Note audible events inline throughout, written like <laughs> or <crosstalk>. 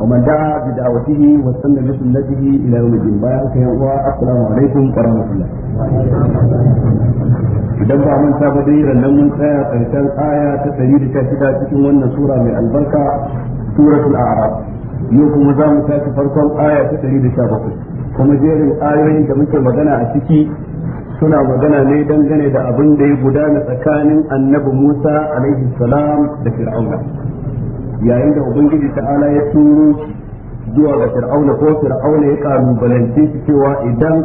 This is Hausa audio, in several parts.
ومن دعا بدعوته واستنى بسنته الى يوم الدين بارك يا الله السلام عليكم ورحمه الله idan ba mun saba dai rannan mun tsaya karshen aya ta 116 cikin wannan sura mai albarka suratul a'raf yau kuma za mu tashi farkon aya ta ta bakwai. kuma jerin ayoyin da muke magana a ciki suna magana ne dangane da abin da ya gudana tsakanin annabi Musa alaihi salam da Fir'auna yayin da ubangiji ta'ala ya turo shi zuwa ga fir'auna ko fir'auna ya kalubalance shi cewa idan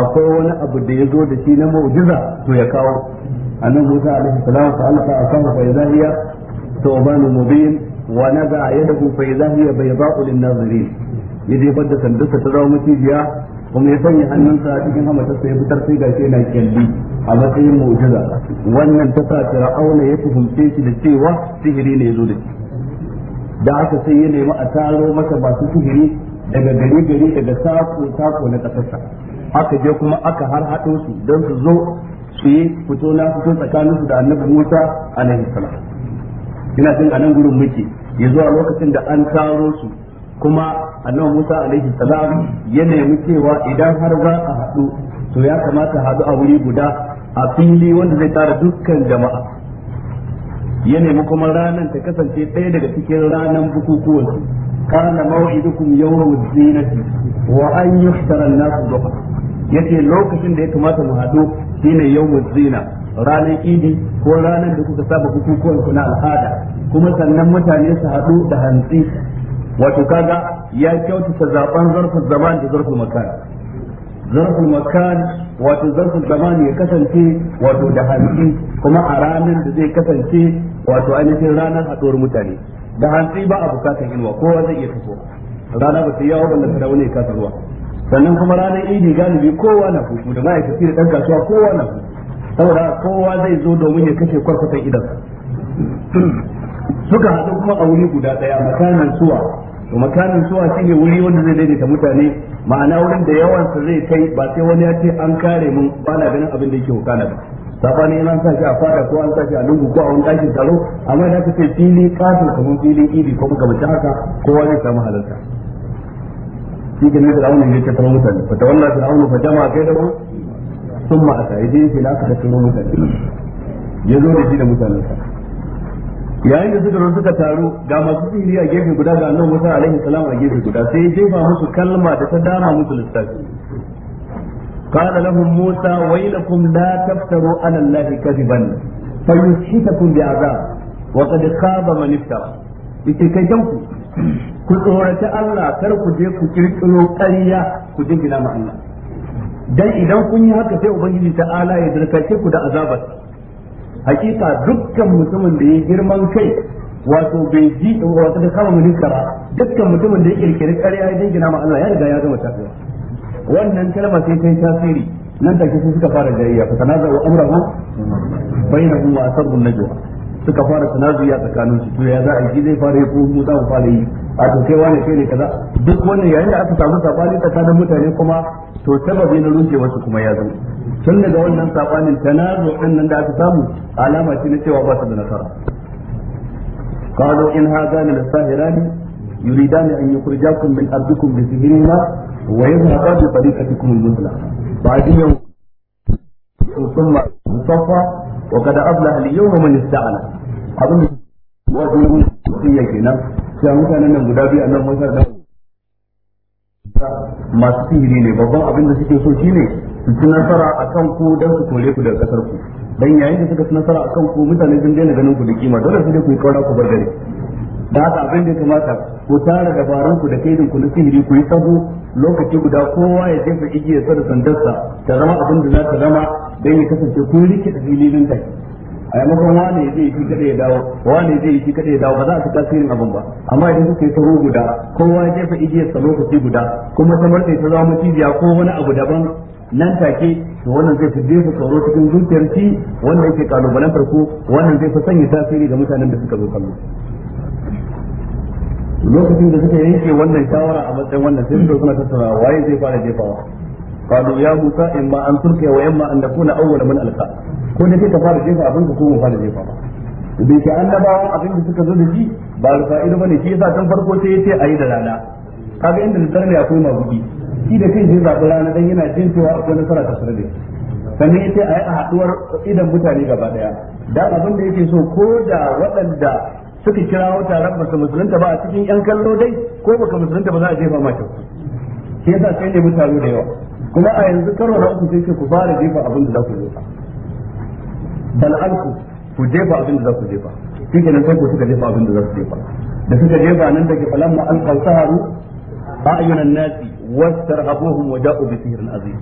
akwai wani abu da ya zo da shi na mu'jiza to ya kawo annabi Musa alaihi salam fa Allah ta kawo fa idahiya tawbanu mubin wa nada yadahu fa idahiya bayda'u lin-nazirin yaje badda sandarsa ta zama mutijiya kuma ya sanya hannunsa a cikin hamatarsa ya fitar sai gashi na kyalli a matsayin mu'jiza wannan ta sa fir'auna ya fahimce shi da cewa sihiri ne ya zo da shi da aka sai ya nemi a taro masa masu sihiri daga gari gari daga sako sako na kasarsa aka je kuma aka har haɗo su don su zo su yi fito na fito tsakanin su da annabi Musa alaihi salam ina jin a nan gurin muke ya zuwa lokacin da an taro su kuma annabi Musa alaihi salam ya nemi cewa idan har za a haɗu to ya kamata haɗu a wuri guda a fili wanda zai tara dukkan jama'a ya nemi kuma ranar ta kasance ɗaya daga cikin ranar bukukuwan kana maw'idukum yawmul zinati wa an yuhtara an-nas duha yace lokacin da ya kamata mu haɗu shine yawmul zina ranar idi ko ranar da kuka saba bukukuwan ku na al'ada kuma sannan mutane su haɗu da hantsi wato kaga ya kyautata zaben zarfin zaman da zarfin makana zarfin makan wato zarfin zaman ya kasance wato da hantsi kuma a ranar da zai kasance wato ainihin ranar haɗuwar mutane da hantsi ba a bukatar inuwa kowa zai iya fito rana ba ta yawo ballanta da wani ya kasa ruwa sannan kuma ranar idi galibi kowa na fuku da ma'aikaci da ɗan kasuwa kowa na fuku saboda kowa zai zo domin ya kashe kwarkwatan idan suka haɗu kuma a wuri guda ɗaya makanan suwa to makanin suwa shine wuri wanda zai daidaita mutane ma'ana wurin da yawan su zai kai ba sai wani ya ce an kare mun ba na ganin abin da yake wakana ba sabani in an sa shi a fada ko an sa shi a lungu ko a wani ɗakin taro amma da kace fili kafin kamar filin idi ko muka bace haka kowa zai samu halarta shi ke da launin ne ta taro mutane fa da fir'auna fa jama'a kai da sun ma asa idan yake na aka taro mutane ya zo da shi da mutanensa yayin da suka zo suka taru ga masu sihiri a gefe guda ga annabi Musa alaihi salam a gefe guda sai jefa musu kalma da ta dama musu lissafi قال لهم موسى ويلكم لا تفتروا على الله كذبا فيسحتكم بعذاب وقد خاب من افترى yake kai ku ku tsorata Allah kar ku je ku kirkiro ƙarya ku jingina ma Allah dan idan kun yi haka sai ubangiji ta'ala ya zarkace da azabar hakika dukkan mutumin da ya girman kai wato bai ji wato da kama mun kara dukkan mutumin da ya kirkiri ƙarya ya dingina ma Allah ya riga ya gama tafiya wannan kalma sai kai tasiri nan take sai suka fara jayayya fa tanaza wa amrahu bainahu wa asrun najwa suka fara tanazuya tsakanin su to ya za a yi zai fara yi ko mu za mu fara yi a to kai wani kai ne kaza duk wannan yayin da aka samu sabani tsakanin mutane kuma to sababi na rushe wasu kuma ya zo tun daga wannan sabanin tanazu nan da aka samu alama ce na cewa ba su da nasara قالوا إن هذان للساهران يريدان أن يخرجاكم من أرضكم بسحرهما ويذهبا بطريقتكم المثلى بعد يوم ثم صفى wa kada aflaha al-yawma man ista'ana abin da wajen kuya kenan sai mutanen nan guda biyu annabi Musa da masu sihiri ne babban abin da suke so shine su ci nasara akan ku dan su ku daga kasar ku yayin da suka ci nasara akan ku mutane sun daina ganin ku da kima dole ku yi kaura ku bar gari da haka abin da ya kamata ku tara dabarun ku da kaidin ku na sihiri ku yi sabo lokaci guda kowa ya jefa igiya sa da sandarsa ta zama abin da za ta zama don ya kasance kun rike da filin take a makon wane zai shi kada ya dawo wane zai shi kada ya dawo ba za a fi tasirin abin ba amma idan kuka yi taro guda kowa ya jefa igiya sa lokaci guda kuma ta martai ta zama cibiya ko wani abu daban nan take to wannan zai fi jefa tsoro cikin zuciyar ci wannan yake kalubalantar ku wannan zai fi sanya tasiri ga mutanen da suka zo kallo lokacin da suka yanke wannan shawara a matsayin wannan sai suka suna tattara waye zai fara jefawa qalu ya musa ma an turke wa imma an nakuna awwala man alqa ko kai ka fara jefa abin ka ko mu fara jefa bai ka annabawan abin da suka zo da shi ba rufa'idu bane shi yasa tun farko sai yace ayi da rana kaga inda nasara ne akwai mabuki shi da kai zai zaɓi rana dan yana jin cewa akwai nasara ta sarde sannan yace ayi a haduwar idan mutane gaba daya dan abin da yake so ko da waɗanda suka kirawo taron baka musulunta ba a cikin yan kallo dai ko baka musulunta ba za a jefa mata shi yasa sai ne mutane da yawa kuma a yanzu karo na uku sai ku fara jefa abin da za ku jefa bal alku ku jefa abin da za ku jefa shi ke nan sai ku suka jefa abin da za ku jefa da suka jefa nan da ke falamma alkal saharu a'yunan nasi wastarhabuhum wa ja'u bi sihrin azim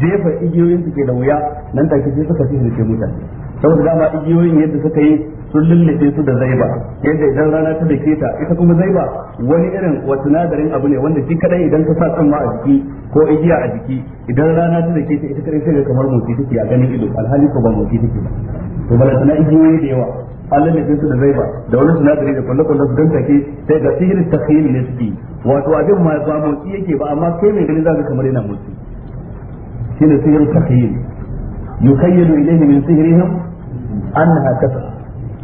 jefa igiyoyin su ke da wuya nan take sai suka sihirce mutane saboda dama igiyoyin yadda suka yi sun lullube su da zaiba yadda idan rana ta dake ta ita kuma zaiba wani irin wa sinadarin abu ne wanda shi kadai idan ka sa tsamma a jiki ko igiya a jiki idan rana ta dake ta ita kadai sai ga kamar motsi take a ganin ido alhali ko ba motsi take ba to bala sana igiyoyi da yawa an lullube su da zaiba da wani sinadari da kwalle kwalle su dan take sai ga sihirin takhyil ne suke wato abin ma ba motsi yake ba amma kai mai gani zaka kamar yana motsi shine sihirin takhyil yukayyalu ilayhi min sihrihim annaha tas'a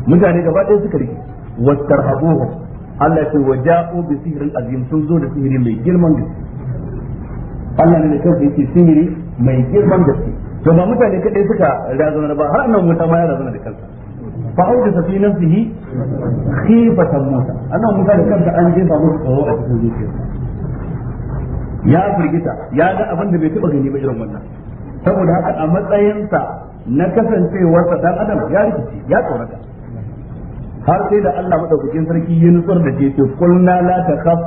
mutane gaba ɗaya suka rike wastarhabuhu Allah ce wa ja'u bi sihirin azim sun zo da sihiri mai girman gaske Allah ne da kansa yake sihiri mai girman gaske to ba mutane kadai suka razana ba har annabi Musa ma ya razana da kansa fa auda fi nafsihi khifatan Musa annabi Musa da kansa an jefa masa tsoro a cikin zuciyarsa ya firgita ya ga abin da bai taɓa gani ba irin wannan saboda haka a matsayinsa na kasancewarsa dan adam ya rikici ya tsorata har sai da Allah madaukakin sarki ya nutsar da ke ce kulna la takhaf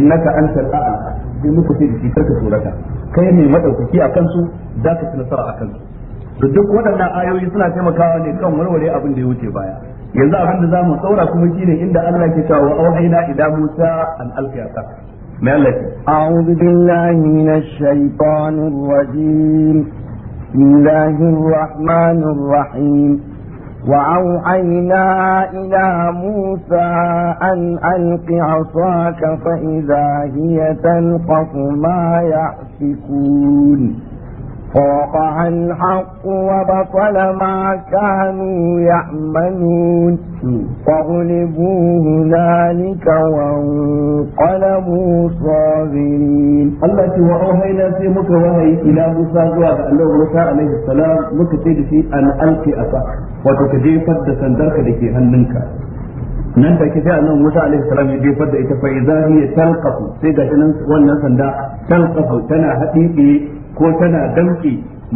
innaka antal a'la sai muku sai shi karka surata kai mai madaukaki a kansu za ka ci nasara a kansu to duk waɗannan ayoyi suna taimakawa ne kan warware abin da ya wuce baya yanzu abin da zamu saura kuma shine inda Allah ke cewa wa auhayna ila Musa an alfiyata mai Allah ke a'udhu billahi minash shaitanir rajim وأوحينا إلى موسى أن ألق عصاك فإذا هي تلقف ما يأفكون وقع الحق وبطل ما كانوا يعملون فغلبوا هنالك وانقلبوا صاغرين التي وأوهينا في مكة وهي إلى موسى جواب أنه موسى عليه السلام مكة في أن ألقي أفا وتكجي فد سندرك لكي هننك nan da kike annan Musa alaihi salam ya jefar da ita fa idza hiya talqafu sai ga nan wannan sanda talqafu tana haɗiɗi ko tana damke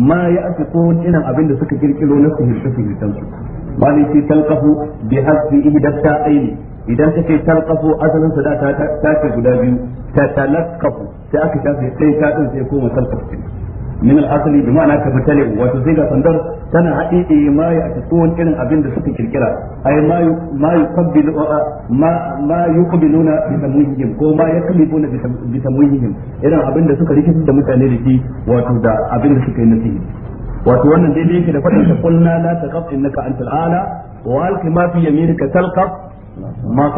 ma ya ake ko irin abin da suka kirkiro na sihirce sihircen su ba ne sai talqafu bi hasbi ta aini idan ta ce talqafu asalin sa da ta ta guda biyu ta talaqafu sai aka shafe sai ta din sai koma talqafu min al-asli bi ma'ana ka wato sai ga sandar tana haɗe ma ya tsuwan irin abin da suka kirkira ai ma ma bi tamwihihim ko ma bi tamwihihim irin abin da suka rikice da mutane da shi wato da abin da suka yi wato wannan dai yake da fadin ta kullu la taqaf innaka antal ala wa alqi ma fi yaminika talqaf ma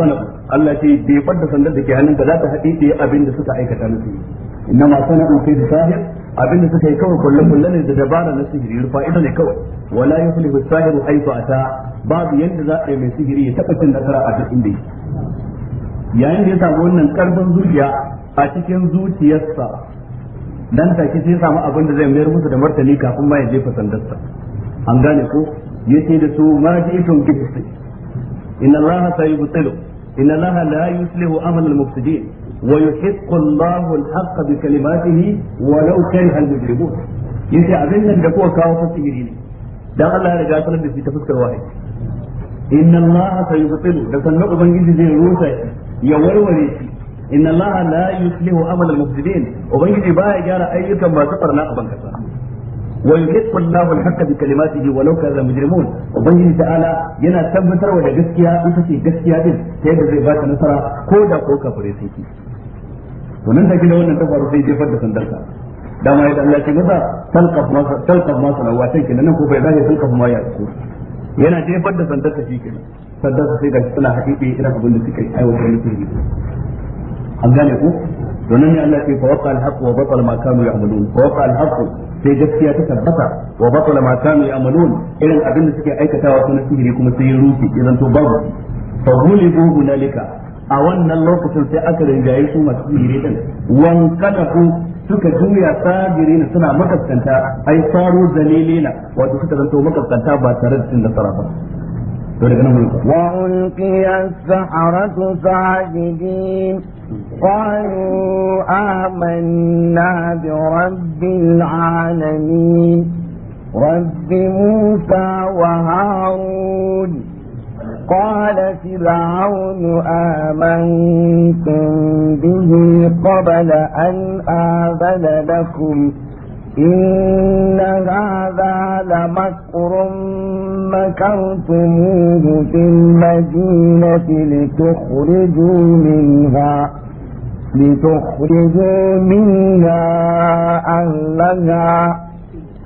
Allah ce bai fadda sandar da ke za ta abin da suka aikata nasihi inna ma sahib abin da suka yi kawai kulle kulle ne da dabara na sihiri rufa ita ne kawai wala yuflihu sahiru haifa ata babu yadda za a yi mai sihiri ya taɓa cin nasara a duk inda yayin da ya samu wannan karfin zuciya a cikin zuciyarsa dan take sai ya samu abin da zai mayar musu da martani kafin ma ya jefa sandarsa an gane ko ce da su ma ji'tum bi inna allaha sayubtilu inna allaha la yuslihu amal al-mufsidin ويحق الله الحق بكلماته ولو كره المجرمون yace abin nan da kuka kawo fasiri ne dan Allah ya riga sanar da shi ta fuskar wahayi inna Allah sayubtilu da sannan ubangiji zai rusa ya warware shi inna Allah la yuslihu amal al-mufsidin ubangiji ويحق الله الحق بكلماته ولو كان مجرمون وبين تعالى ينا تبتر ولا جسكيا انت في جسكيا دين تيد زي بات كودا كوكا فريسيكي to nan take da wannan ta faru sai jefar da sandarsa dama ya Allah ce masa talqaf ma talqaf ma sana watan kenan nan ko bai zai talqaf ma ya ko yana jefar da sandarsa shi kenan sandarsa sai ga suna haƙiƙi irin abin da suka yi aiwatar da shi an gane ko don nan ne Allah ce fa waqa al-haqq wa batala ma kanu ya'malun fa waqa al sai gaskiya ta tabbata wa batala ma kanu ya'malun irin abin da suke aikatawa suna sihiri kuma sai ya rufe idan to babu fa hulibu hunalika a wannan lokacin sai aka rinjaye su masu sihiri din wankada ku suka juya sagirina suna makaskanta ai faru zalilina wato suka zanto makaskanta ba tare da cin nasara ba وألقي السحرة ساجدين قالوا آمنا برب العالمين رب موسى وهارون قال فرعون آمنتم به قبل أن آذن لكم إن هذا لمكر مكرتموه في المدينة لتخرجوا منها لتخرجوا منها أهلها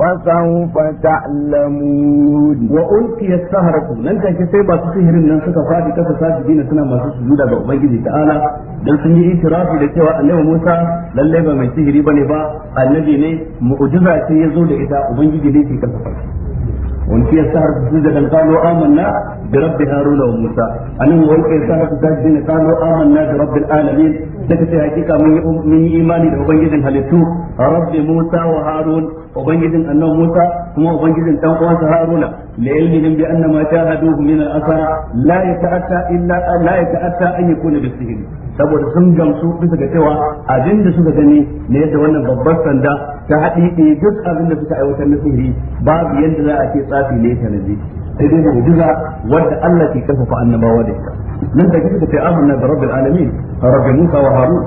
فسوف تعلمون وألقي السهرة لن تكي سيبا سهر من سكا فادي كفا ساجدين سنة ما سجودا بأبيجي تعالى dan sun yi itirafi da cewa annabi Musa lallai ba mai sihiri bane ba annabi ne mu'jiza ce ya zo da ita ubangiji ne ke kasafa wanki ya sahar su da dan kalo amanna bi rabbi haruna wa musa anan wanki ya sahar su da dan kalo amanna bi rabbil alamin daga sai hakika mun yi imani da ubangijin halittu rabbi musa wa harun ubangijin annabi Musa kuma ubangijin dan uwansa Haruna la yalmin bi anna ma jahaduhu min al-asara la yata'atta illa la yata'atta an yakuna bisihr saboda sun gamsu bisa ga cewa abinda suka gani ne yadda wannan babbar sanda ta haɗi duk abin da suka aiwatar na sihiri babu yadda za a ce tsafi ne ta nabi sai dai mu'jiza wadda Allah ke karfafa annabawa da ita nan da kike ta amanna da rabbil alamin rabbi Musa wa Harun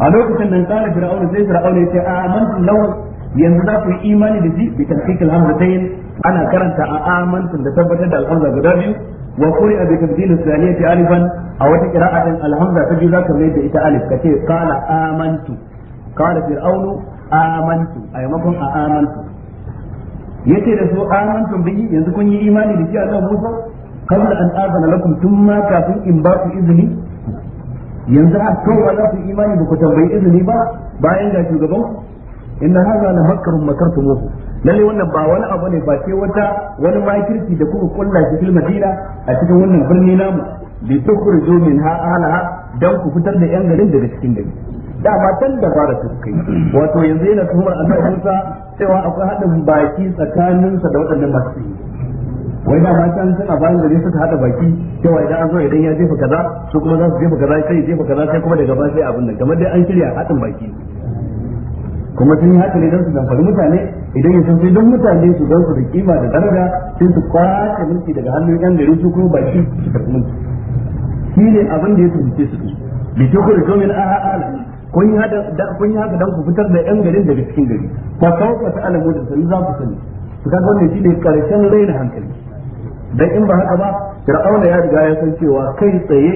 a lokacin nan kana fir'auna sai fir'auna ya ce amantu lahu yanzu za ku yi imani da shi bi ta yin ana karanta a amantun da tabbatar da alhamza guda biyu wa bikin bi tabdil ta alifan a wata qira'atin alhamza ta biyu ka mai da ita alif kace qala amantu qala fir'aunu amantu a yamakon a amantu yace da su amantum biyi yanzu kun yi imani da shi a kan Musa qabla an azana lakum tumma kafin in ba ku izini yanzu a kawai za ku imani ba ku tambayi izini ba bayan ga shugaban inna hadha la makrun makartumuhu lalle wannan ba wani abu ne ba ce wata wani makirki da kuma kulla shi fil dina a cikin wannan birni namu ya li tukhrijo minha ahliha don ku fitar da yan garin daga cikin gari da ba tan da fara kai wato yanzu yana tuhumar annabi Musa cewa akwai haɗin baki tsakaninsa da waɗannan masu yi. wai ba da matan suna bayan gari suka haɗa baki cewa idan an zo idan ya jefa kaza su kuma za su jefa kaza sai jefa kaza sai kuma daga ba sai abin nan kamar dai an shirya haɗin baki kuma sun yi haka ne don su damfari mutane idan ya san sai don mutane su don su da kima da daraja sai su kwace mulki daga hannun yan gari su kuma baki su karɓi mulki shi ne abin da ya tumce su bi ta kuma domin a ala kun yi haka don ku fitar da yan garin daga cikin gari kawo ka ta alamu da sani za ku sani su kaga wannan shi ne karshen raina hankali dan in ba haka ba fir'auna ya riga ya san cewa kai tsaye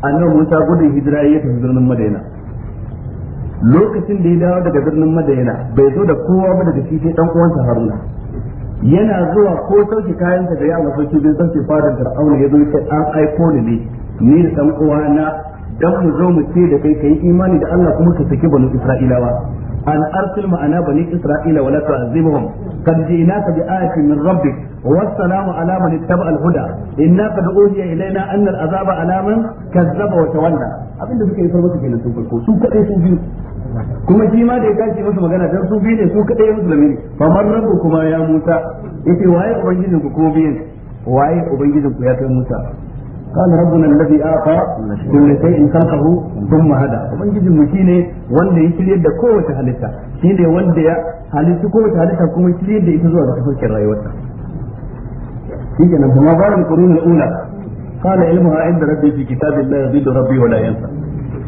annabi Musa gudun hijira ya tafi birnin Madina lokacin da ya dawo daga birnin madayana bai zo da kowa ba daga shi sai dan uwansa haruna yana zuwa ko sauke kayan da ya maso shi bin sauke fadan fir'auna ya zo sai an aiko ni ne ni da dan uwana dan mu zo mu ce da kai kai imani da Allah kuma ka saki banu isra'ilawa an arsil ma'ana banin isra'ila wa la tu'azzibuhum qad ji'naka bi ayatin min rabbik والسلام على من اتبع الهدى إنا قد أوحي إلينا أن العذاب على من كذب وتولى abin da suka yi farmasa kenan sun farko su kadai su biyu kuma shi da ya tashi masa magana dan su biyu ne su kadai musu lamiri fa man rabbu kuma ya Musa yace ku ku ya kai Musa قال ربنا الذي اعطى كل شيء خلقه ثم هدى ubangijin mu shine wanda ya shirye da kowace halitta shine wanda ya halitta kowace halitta kuma shirye da ita zuwa ga tafarkin rayuwarta shike nan kuma bayan qurunul ula قال علمها عند ربي في كتاب الله يزيد ربي ولا ينسى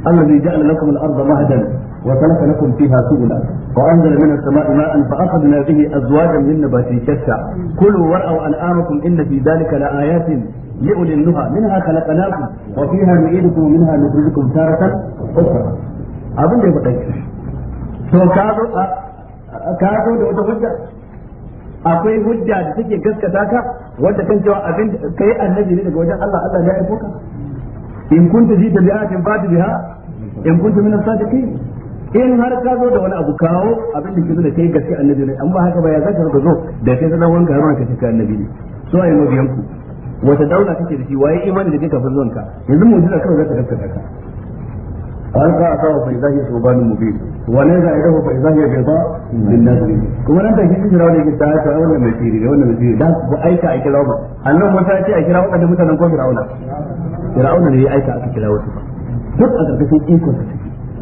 الذي جعل لكم الارض مهدا وسلك لكم فيها سبلا وأنزل من السماء ماء فأخذنا به أزواجا من نبات شتى كلوا وارعوا أنعامكم إن في ذلك لآيات لأولي النهى منها خلقناكم وفيها نعيدكم ومنها نخرجكم تارة أخرى abin da ya faɗa to ka zo ka zo da wata hujja akwai hujja da take gaskata ka wanda kan cewa abin kai annabi ne daga wajen Allah Allah ya aiko ka in kunta ji da bi'atin fatiha in kunta min as-sadiqin in har ka zo da wani abu kawo abin da ke zo da kai gaske annabi ne an ba haka ba ya zaka ka zo da kai sanan wanga ruwan ka cika annabi ne so ayi mabiyan ku wata daula kake da shi waye imani da kika fazon ka yanzu mu jira kawai zaka gaskata ka an ka asawa fa idahi subhan mubin wa la ya'idahu fa idahi bayda lin nazri kuma nan da shi cikin rawa ne ke ta ta wannan masiri da wannan masiri da ku aika a kira ba annabi mun ta a kira da mutanen ko fir'auna fir'auna ne ya aika aka kira wasu ba duk a karkashin ikon sa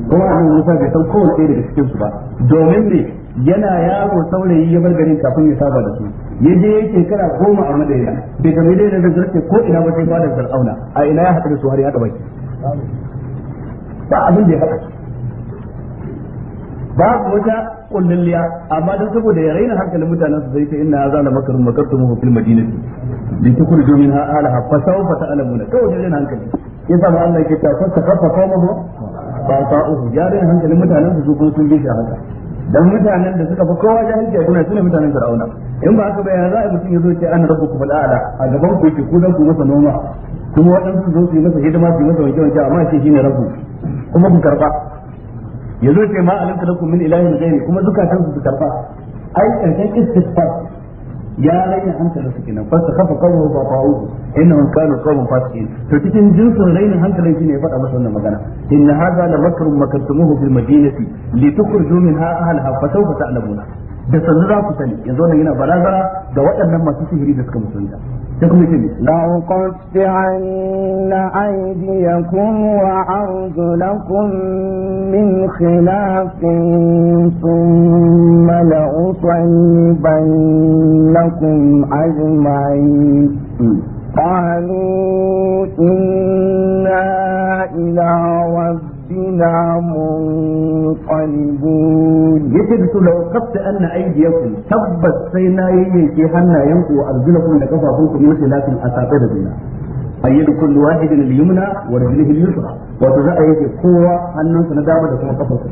kuma abin Musa bai san kowace ɗaya daga cikin su ba domin ne yana yaro saurayi ya bar garin kafin ya saba da su ya je ya shekara goma a madaina bai ga mai daina da zarce ko ina ba sai fadar zar'auna a ina ya haɗu da su har ya haɗa ba abin da ya haɗa babu wata kullulliya amma don saboda ya raina hankalin mutanen su zai ce inna hadha la makrun makartumuhu fil madinati li tukhruju minha ahliha fa fata alamuna to wajen hankali ya ma Allah ke ta fa kafa mahu ba uku ya rena hankalin mutanen su kuma sun bi shi haka dan mutanen da suka fi kowa ya a duniya sune mutanen Fir'auna in ba haka ba ya za a mutum ya zo ce ana ku faɗa a gaban ku ke ku dan ku masa noma kuma waɗansu zo su yi masa hidima su yi masa wanke wanke amma shi shine rabu kuma ku karba ya zo ce ma alimta lakum min ilahin ghairi kuma zukatan su karba ai karshen istisfar ya raina hankalin su kenan fa kafa qawluhu fa fa'uhu innahum kanu qawman fasiqin to cikin jinsin raina hankalin shine ya faɗa masa wannan magana inna hadha la makrun makartumuhu fil madinati litukhruju minha ahlaha fa sawfa ta'lamuna da sanzu za ku sani zo wannan yana barazana da waɗannan masu sihiri da suka musulunta sai kuma yake la ya kuma wa lakun min khilafin sun thumma ban lakun azumai. قالوا إنا ila ربنا ربنا منقلبون يجد لو قفت أن أيديكم تبت سينا يجي هنا ينقو أرجلكم لكفافوكم مثل لكم أساطير بنا أيد كل واحد اليمنى ورجله اليسرى وتزأ يجي قوة أنه سندابة كما قفافوكم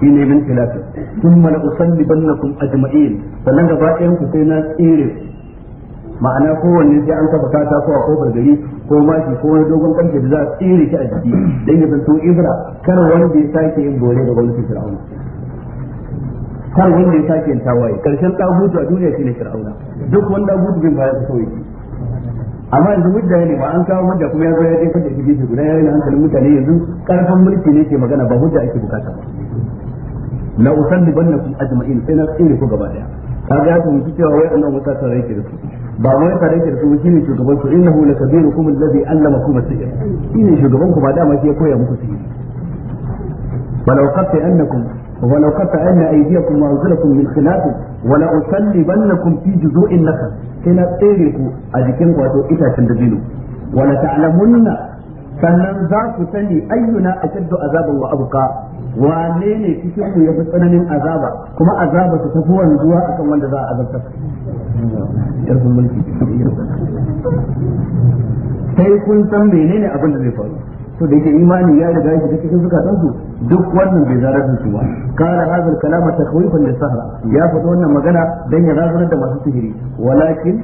shi ne min filafin sun mana usallibannakum ajma'in sannan gaba ɗayan ku sai na tsire ma'ana kowanne sai an kafa kata ko a kofar gari ko mashi ko wani dogon karfe da za a tsere shi a jiki dan ya zanto ibra kar wanda ya sake yin bore da gwamnatin fir'auna kar wanda ya sake yin tawaye karshen tabutu a duniya shine fir'auna duk wanda abutu bin baya su yi amma yanzu mujja ne ba an kawo mujja kuma ya zo ya jefa da gefe guda ya yi hankalin mutane yanzu karfin mulki ne ke magana ba hujja ake bukata ba na usallibannakum ajma'in sai na tsere ku gaba daya kaga ya fahimci cewa wai annabi Musa tare yake da su ba wai tare yake da su shine shugaban su innahu lakabirukum alladhi allamakum as-sihr shine shugaban ku ba dama ke koya muku sihiri walau qatta annakum ولو قطع أن أيديكم وأرجلكم من خلاف ولا أصلبنكم في جذوع النخل كنا تيركوا أذكر واتو إتا تندبينوا ولا تعلمن sannan za ku sani ayyuna ashaddu azaban wa abqa wane ne cikin ku fi tsananin azaba kuma azaba ta tafi wanzuwa akan wanda za a azabta yarfin mulki sai kun san menene abin da zai faru to da yake imani ya riga shi cikin zukatan su duk wannan bai zarar da su ba kana hazal kalama takhwifan sahra ya faɗi wannan magana dan ya razanar da masu sihiri walakin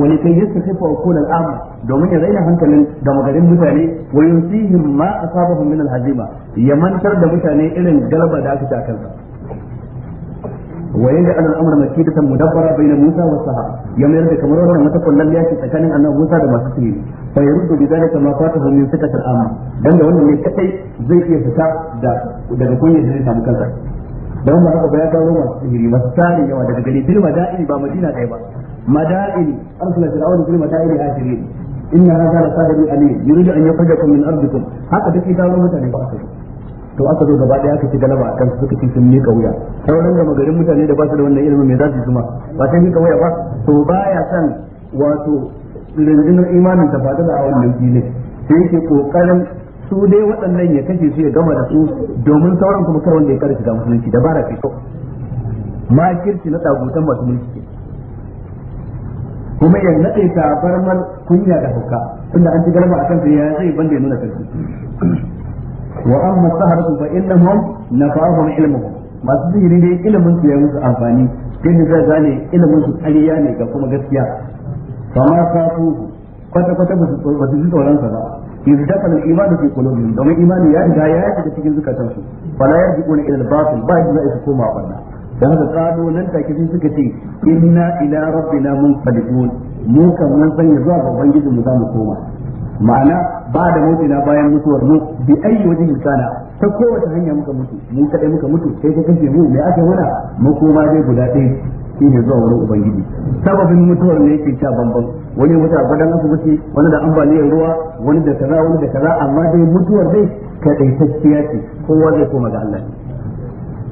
wani kai yasta kai al'am domin ya zaina hankalin da magarin mutane wa yunsihim ma asabahum min al-hazima ya mantar da mutane irin galaba da aka ta kansa ويجعل الامر مكيدة مدبرة بين موسى والصحابة يوم يرد كمرون لما تقول لم يأتي تكان أن موسى لما تسلم فيرد بذلك ما فاته من فتة الأمر دم لو أنه يتكي زي في فتاة دا دا كون يجري سامو كذا دم ما رأى بياتا روما سهري والساري يوا دا جري في المدائن با مدينة دايبا مدائن أرسل فرعون في المدائن هاجرين إن هذا لصاحب أمين يريد أن يخرجكم من أرضكم هكذا في دارو متى نبأتكم to aka zo gaba ɗaya aka ci galaba a kansu suka ci sun miƙa wuya sauran gama garin mutane da ba su da wannan ilimin mai za su yi ma ba sai miƙa wuya ba to ya san wato rundunar imanin ta faɗi da a wannan filin sai yake kokarin su dai waɗannan ya kashe su ya gama da su domin sauran kuma kar wanda ya kare shiga musulunci da bara kai ma kirki na tsagutan masu mulki kuma ya ta tabarmar kunya da hauka tunda an ci galaba a kansa ya zai banda ya nuna kansu wa amma saharatu fa innahum nafa'ahum ilmuhum masu sihiri dai ilimin su ya musu amfani din da gane ilimin su ƙarya ne ga kuma gaskiya fa ma kafu kwata kwata ba su ba su tsoron sa ba idza dakala al-imanu fi qulubihim domin imani ya riga ya shiga cikin zukatan su fala ji ila al-batil ba yadda su koma barna dan haka kado nan take sun suka ce inna ila rabbina munqalibun mu kan mun sanya zuwa ga ubangijin mu za mu koma ma'ana ba da mutu na bayan mutuwar mu bi ayi wajen kana ta kowace hanya muka mutu mu kada muka mutu sai ka kace mu me aka mu kuma dai guda ɗaya shi ne zuwa wurin ubangiji sababin mutuwar ne yake ta bambam wani wata a gadon asibiti wani da ambaliyar ruwa wani da kaza wani da kaza amma dai mutuwar dai kadaitacciya ce kowa zai koma ga Allah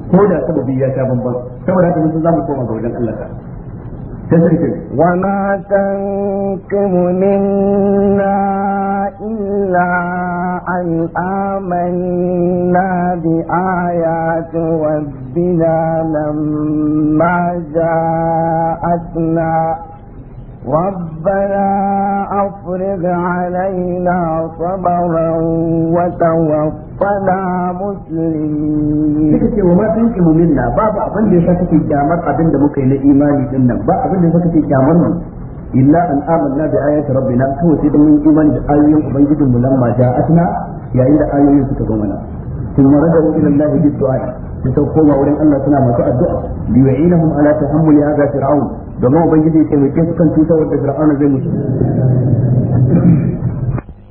ko da sababi ya ta bambam saboda haka mun za mu koma ga wajen Allah ta وما تنقم منا إلا أن آمنا بآيات ربنا لما جاءتنا ربنا أفرغ علينا صبرا وتوفنا ولا مسلمين kike wa matan ki mu'minna babu abin da yasa kike kyamar abin da muka yi na imani din nan ba abin da yasa kike kyamar mu illa an amanna bi ayati rabbina kawai sai da mun imani da ayoyin ubangijin mu ja'atna yayin da ayoyin suka zo mana domin ubangiji ya taimake su kan cutar wadda fir'auna zai mutu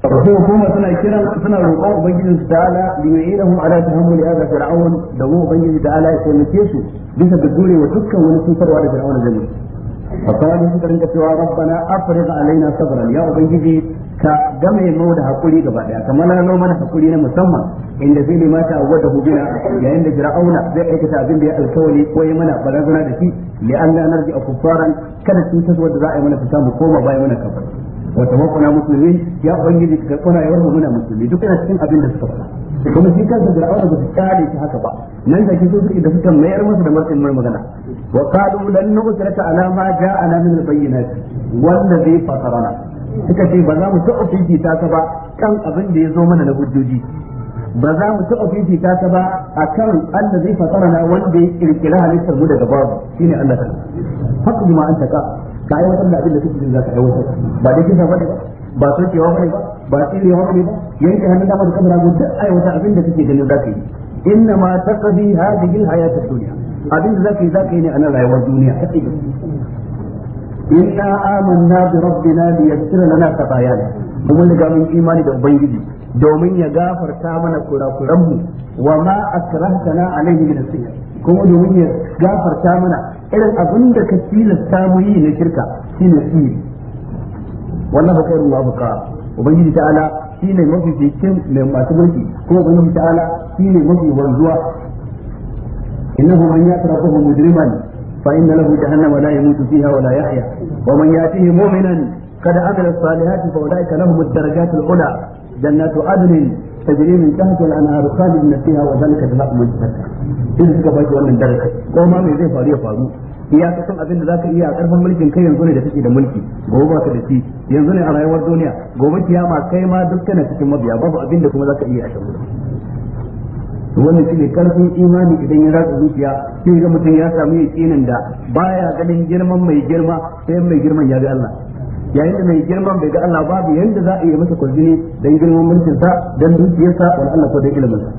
ko kuma suna kiran suna roƙon ubangiji ta'ala bi yu'inahum ala tahammuli hadha fir'aun da mu ubangiji ta'ala ya taimake su bisa da durewa dukkan wani cutarwa da fir'aun a zai فقالوا suka rinka cewa rabbana afrigh alaina sabran ya ubangiji ka game mu da hakuri gaba daya kamar na noma da hakuri na musamman inda zai lima ta wada hubina yayin da fir'auna zai aikata abin da ya alkawali ko ya mana barazana da shi li an la narji kuffaran kada cutar wanda za a yi mana fita mu koma baya mana kafir wata makona musulmi ya ubangiji ka karɓa rayuwar mu muna musulmi duk yana cikin abin da suka faɗa kuma shi kansa fir'auna ba su kyale shi haka ba nan da shi so suke da suka mayar masa da martin mai magana wa qalu lan nusrata ala ma ja'ana min al-bayyinati wanda zai fasarana suka ce ba za mu taɓa fifita ta ba kan abin da ya zo mana na hujjoji ba za mu taɓa fifita ta ba a kan Allah zai fasara na wanda ya kirkira halittar mu daga babu shine Allah ta haka kuma an taka ka aiwatar da abin da kake za ka aiwatar ba dai kisa bane ba ba sokewa bane ba tsirewa bane ba yanke hannun dama da kamar hagu duk aiwatar abin da kake ganin za ka yi inna ma taqdi hadhihi alhayat ad-dunya abin da zaka yi zaka yi ne a nan rayuwar duniya inna amanna bi rabbina liyaghfira lana khatayana mun riga mun imani da ubangiji domin ya gafarta mana kurakuran mu wa ma akrahtana alaihi min as kuma domin ya gafarta mana irin abin da ka tilasta mu yi na shirka shine tsiri wannan wallahu ruwa buka ubangiji ta'ala shine mafi cikin mai masu gurki ko ubangiji ta'ala shine mafi wanzuwa innahu man yatrakuhu mujriman fa inna lahu jahannama la yamutu fiha wa la yahya wa man yatihi mu'minan قد عمل الصالحات فأولئك لهم الدرجات العلى جنات عدن تجري من تحتها الانهار خالدين فيها وذلك جزاء من تزكى in suka baki wannan darasi ko ma me zai faru ya faru iya kasan abin da zaka iya a karfin mulkin kai yanzu ne da kake da mulki gobe ba ka da shi yanzu ne a rayuwar duniya gobe kiyama kai ma duk kana cikin mabiya babu abin da kuma zaka iya a shagulu wannan shine karfin imani idan ya ratsa zuciya sai ga mutum ya samu yakinin da baya ganin girman mai girma sai mai girman ya ga Allah yayin da mai girman bai ga Allah babu yanda za a yi masa kwazini dan girman mulkin sa dan dukiyarsa wani Allah ko dai ilimin sa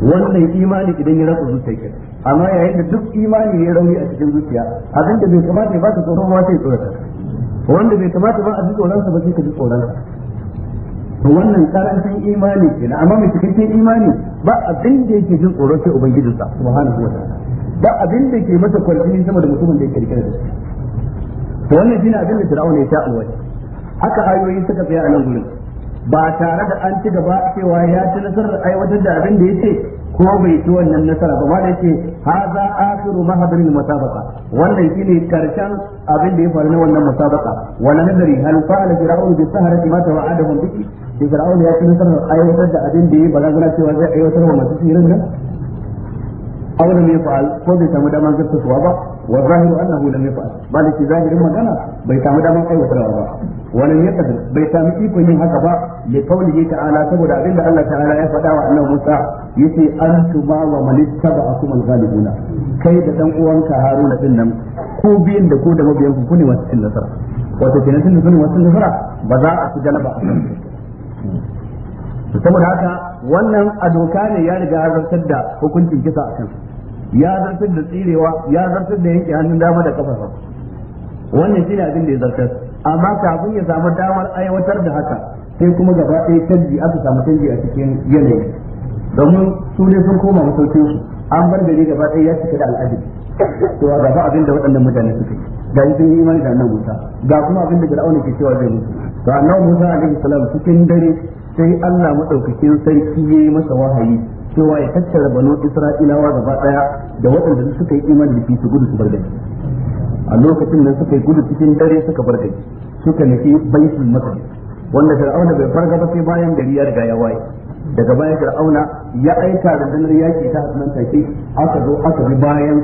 wannan imani idan ya rasa zuciya ke amma yayin da duk imani ya rauni a cikin zuciya abin da bai kamata ya ta tsoron ma sai tsorata wanda bai kamata ba a ji tsoron sa ba sai ka ji tsoron sa to wannan karancin imani kenan amma mai cikakken imani ba abin da yake jin tsoro sai ubangijinsa subhanahu wa ta'ala ba abin da ke masa kwarjini sama da mutumin da ya kirkira da shi wannan shine abin da fir'auna ya sha alwaji haka ayoyi suka tsaya a nan gurin ba tare da an ci gaba cewa ya ci nasarar aiwatar da abin da ya ce ko bai ci wannan nasara ba ma da yake haza akhiru mahadarin musabaqa wannan shine karshen abin da ya faru na wannan musabaqa wala nadari hal fa'ala fir'aun bi da ma tawa'adahum bi fir'aun ya ci nasarar aiwatar da abin da ya balagura cewa zai aiwatar wa masu sirrin nan aw lam yaf'al ko bai samu daman zartaswa ba wa zahiru annahu lam yaf'al balaki zahirin magana bai samu daman aiwatarwa ba wa lam bai samu ikon yin haka ba li qawlihi ta'ala saboda abin da Allah ta'ala ya faɗa wa annabi Musa yace antuma wa man ittaba'akum al-ghalibuna kai da dan uwanka Haruna din nan ko biyan da da mabiyan ku ne nasara wasu nasara ba za a a kan saboda haka wannan a doka ne ya riga ya zartar da hukuncin kisa a kansu ya zartar da tsirewa ya zartar da yanke hannun dama da kafa wannan shine abin da ya zartar amma kafin ya samu damar aiwatar da haka sai kuma gaba ɗaya canji aka samu canji a cikin yanayi domin su ne sun koma masaukin su an bar gari gaba ɗaya ya cika da al'adun to a gaba abin da waɗannan mutane suka yi ga sun yi imani da annabi Musa ga kuma abin da Fir'aun ke cewa zai mutu to annabi Musa alaihi salam cikin dare sai Allah madaukakin sarki yayi masa wahayi cewa ya tattara banu isra'ilawa gaba daya da waɗanda suka yi imani da su gudu su bar gari a lokacin da suka yi gudu cikin dare suka bar gari suka nufi baitul maqdis wanda fir'auna bai farga ba sai bayan gari ya riga ya waye daga bayan fir'auna ya aika da danar yaki ta hasunan take aka zo aka bi bayan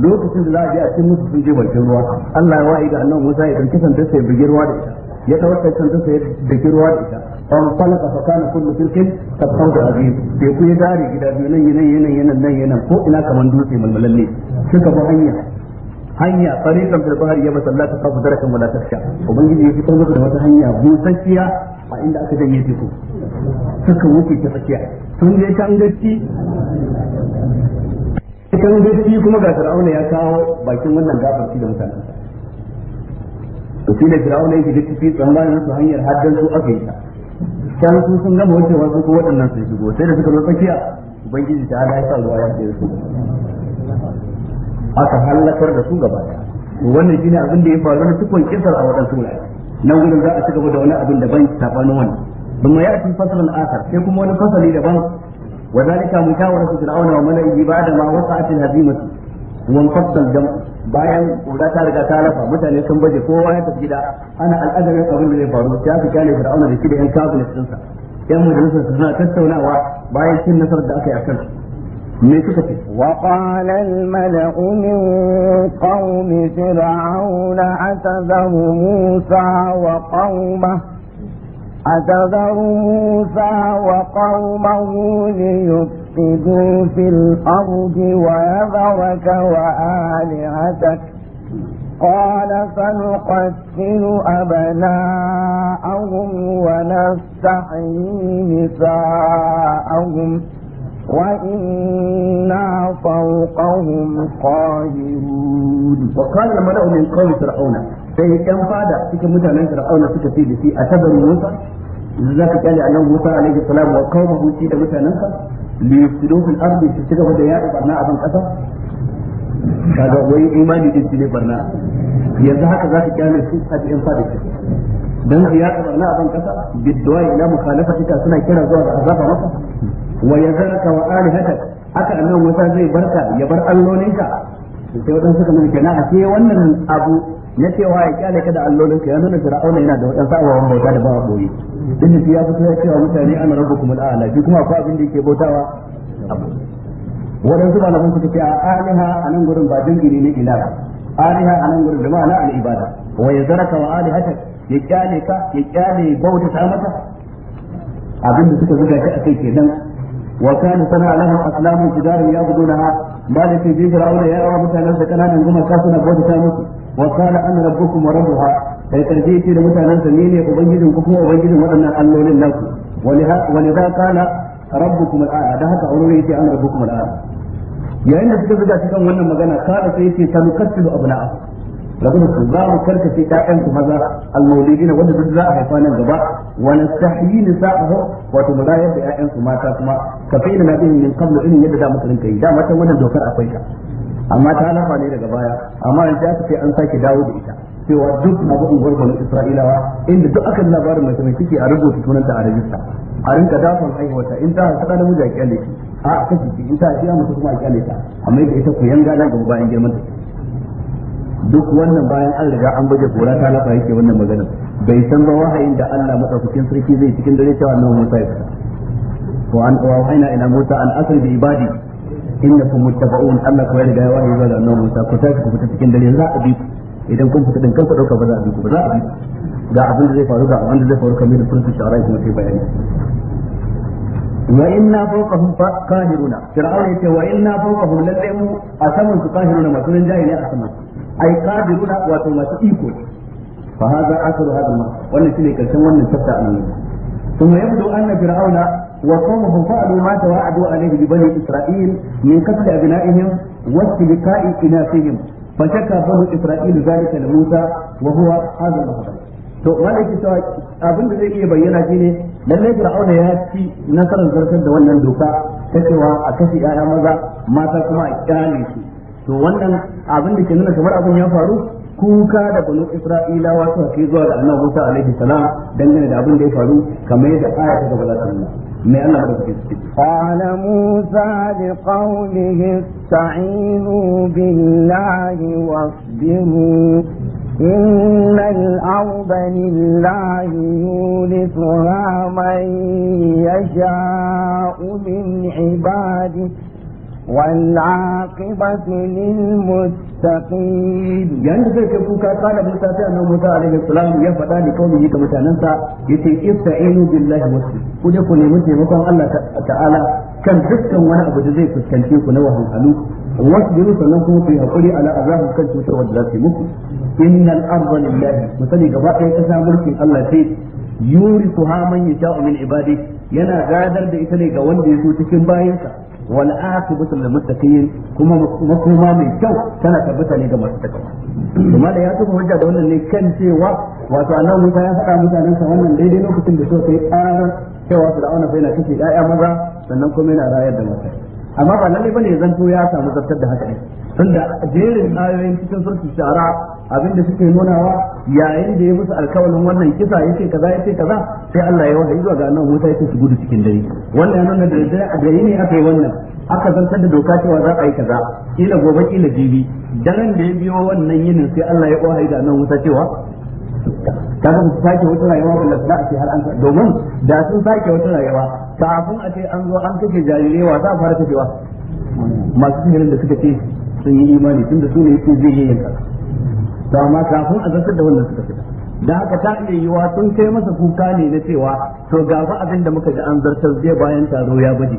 lokacin da za a je a cikin musu sun je bakin ruwa Allah ya waye ga annabi Musa ya dauki sandar sai bige ruwa da ita ya ta wata can sai da ruwa da ita an falaka fa kana kullu tilkin tabqan da azim sai ku ya dare gida biyu nan yi nan yi nan yi yi nan nan ko ina kamar dutse malmalalle suka bi hanya hanya tariqan fil bahr ya masallata fa darakan wala tasha ubangiji ya fitar maka da wata hanya busasshiya a inda aka danye teku suka wuce ta tsakiya sun je can gaci can gaci kuma ga fir'auna ya kawo bakin wannan gafarci da mutanen to shine fir'auna yake duk cikin tsammanin su hanyar haddan su aka yi ta kan su sun gama wucewa wasu ko waɗannan sun shigo sai da suka zo tsakiya ubangiji ta ala ya sa ruwa ya tsaye su aka halakar da su gaba ɗaya wannan ne abin da ya faru na tukun kisar a waɗansu wurare nan gudun za a ci gaba da wani abin wani sabanin wannan ثم يأتي فصل آخر سيكون من فصل دبان وذلك مشاورة فرعون وملئه بعد ما وقعت الهزيمة وانفصل الجمع bayan kura ta riga ta lafa mutane sun baje kowa ya tafi gida ana al'adarin abin da zai faru ta fi kyale fir'auna da shi da yan kabinet ɗinsa yan majalisar suna tattaunawa bayan cin nasarar da aka yi a kan kansu وقال الملأ من قوم فرعون أتذر موسى وقومه أتذر موسى وقومه ليفسدوا يفسدوا في الأرض ويذرك وآلهتك قال فنقتل أبناءهم ونستحيي نساءهم وإنا فوقهم قادرون وقال الملأ من قوم فرعون sai yan fada cikin mutanen fir'auna suka ce da shi a tabarin Musa zaka kyale annabi Musa alaihi salam wa qaumahu shi da li yufsidu fil ardi su ci gaba da yaɗa barna a ban kasa kaga wai imani din shi ne barna yanzu haka za ka kyale su a cikin fadin dan su yaɗa barna a ban kasa bidduwa ila mukhalafatika suna kira zuwa ga azaba maka wa yazarka wa alihatak haka annan wata zai barka ya bar allolinka sai wadansu kamar kenan a ce wannan abu na cewa ya kyale ka da allolin ka ya nuna fir'auna yana da wadansu ababen bauta da ba a boye din shi ya fito ya cewa mutane ana rabbukum al'ala bi kuma akwai abin da yake bautawa wadansu na suka ce a aliha a nan gurin ba dangine ne ila ba aliha a nan gurin da ma'ana al'ibada wa yazaraka wa alihatak ya kyale ka ya kyale bauta ta mata abin da suka zuga shi a kai kenan wa kana sana lahum aslamu jidaru ya'budunaha ba da ce bi fir'auna ya rawa mutanen sa kananan gumaka suna bauta ta musu wa qala ana rabbukum wa rabbuha kai karfi ce da mutanen sa ne ubangijin ku kuma ubangijin waɗannan allolin naku wa lidha qala rabbukum al-a'a da haka aure yake an rabbukum al-a'a yayin da suka zuga kan wannan magana kada sai yake sanukattilu abna'a لكن الصغار كرك في كائن ماذا المولدين وجد الزاء حيفانا جباء ونستحيي نساءه وتمرايا بآئن سماتا كما كفينا به من قبل إن يبدأ yi كي دا متى وجد akwai ka. amma ta lafa ne daga baya amma yanzu aka ce an sake dawo da ita cewa duk abubuwan gwargwaron isra'ilawa inda duk akan labarin mace mai ciki a rubuta sunanta a rajista a rinka dafan aiwata in ta haɗa da mujaji a laifi a a kashi ce in ta haɗa mutu kuma a kyale ta amma da ita ku yanga nan gaba bayan girman duk wannan bayan an riga an baje kora ta lafa yake wannan maganar bai san ba wahayin da Allah madaukakin sarki zai cikin dare cewa nan Musa ya fita wa an wa ina Musa an asri bi ibadi innakum muttaba'un Allah ko ya riga ya wahayi zuwa ga annabi Musa ko tashi ku fita cikin dare za a bi idan kun fita din kanku dauka ba za a bi ku ba za a bi ga abin da zai faru ga abin da zai faru kamar da tsara shara kuma sai bayani wa inna fawqahum qahiruna fir'aun yace wa inna fawqahum lazaimu a saman su qahiruna masu rinjaye ne a saman ai qadiruna wato masu iko fa hadha akru hadha wannan shine karshen wannan tafta annabi ثم يبدو أن فرعون وقومهم فعلوا ما توعدوا عليه ببني إسرائيل من قتل أبنائهم واستبقاء إناثهم فشكى بنو إسرائيل ذلك لموسى وهو هذا المحضر to wanda ke cewa abin da zai iya bayyana shi ne lallai fir'auna ya ci nasarar zartar da wannan doka ta cewa a kashe ƴaƴa maza mata kuma a kyale su to wannan abin da ke nuna kamar abin ya faru kuka da banu isra'ilawa suka kai zuwa da annabi Musa alaihi salam dangane da abin da ya faru kamar yadda aya ta gaba za ta nuna قال موسى لقومه استعينوا بالله واصبروا إن الأرض لله يورثها من يشاء من عباده والعاقبة للمتقين يعني زي كفوكا قال موسى أن موسى عليه السلام يفتا لقومه كمتاننسا يتي استعينوا بالله مسلم كل يكون يمسي مقام الله تعالى كان حسن وانا أبو جزي كسكنتي كنوه الحلوك واصبروا سنكم في حقري على أذاب كنت وجلاتي مكم إن الأرض لله مثلي قبائل كسامر في الله سيد يورثها من يشاء من عباده yana gadar da ita ne ga wanda ya so cikin bayansa wal aqibatu lil muttaqin kuma makoma mai kyau tana tabbata ne ga masu kuma da ya tuka hujja da wannan ne kan cewa wato annabi Musa ya faɗa mutanen sa wannan daidai lokacin da so kai ƙarar cewa Fir'auna fa yana kashe ƴaƴa maza sannan kuma yana rayar da mata amma ba lalle bane zanto ya samu zartar da haka ne tunda jerin ayoyin cikin surti shara abin da suke wa yayin da ya musu alkawalin wannan kisa ya ce kaza ya ce kaza sai Allah ya wahayi zuwa ga annabi Musa yace su gudu cikin dare wannan ya nuna da dare a gari ne aka yi wannan aka zantar da doka cewa za a yi kaza kila gobe kila jibi daren da ya biyo wannan yinin sai Allah ya wahayi ga annabi Musa cewa kaga ba su sake wata rayuwa ba da a ce har an domin da sun sake wata rayuwa kafin a ce an zo an kake jarirai wa za a fara kashewa masu sihirin da suka ce sun yi imani tunda su ne yake zai yi yin kaza to amma kafin a zartar da wannan suka fita da haka ta iya wa sun kai masa kuka ne na cewa to ga ba abin da muka ji an zartar zai bayan taro ya bari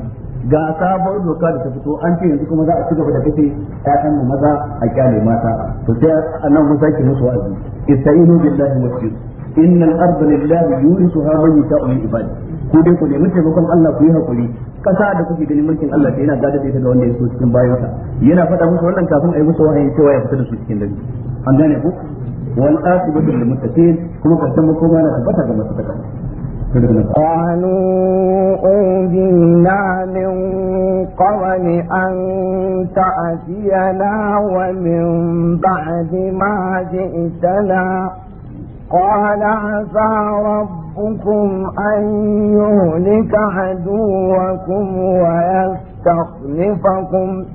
ga sabon doka da ta fito an ce yanzu kuma za a ci gaba da kace ƴaƴan mu maza a kyale mata to sai annabi Musa ke musu wa'azi istainu billahi wasbir innal arda lillahi yurithuha man yasha'u min ibadihi ku dai ku nemi taimakon Allah ku yi hakuri kasa da kuke ganin mulkin Allah sai yana gadar da ga wanda ya so cikin bayansa yana faɗa musu wannan kafin a yi musu wahayi cewa ya fita da su cikin dare an gane ku wal aqibatu lil muttaqin kuma karshen makoma na tabbata ga masu takawa قالوا أوذينا من قبل أن تأتينا ومن بعد ما جئتنا قال عسى ربكم أن يهلك عدوكم ويستخلفكم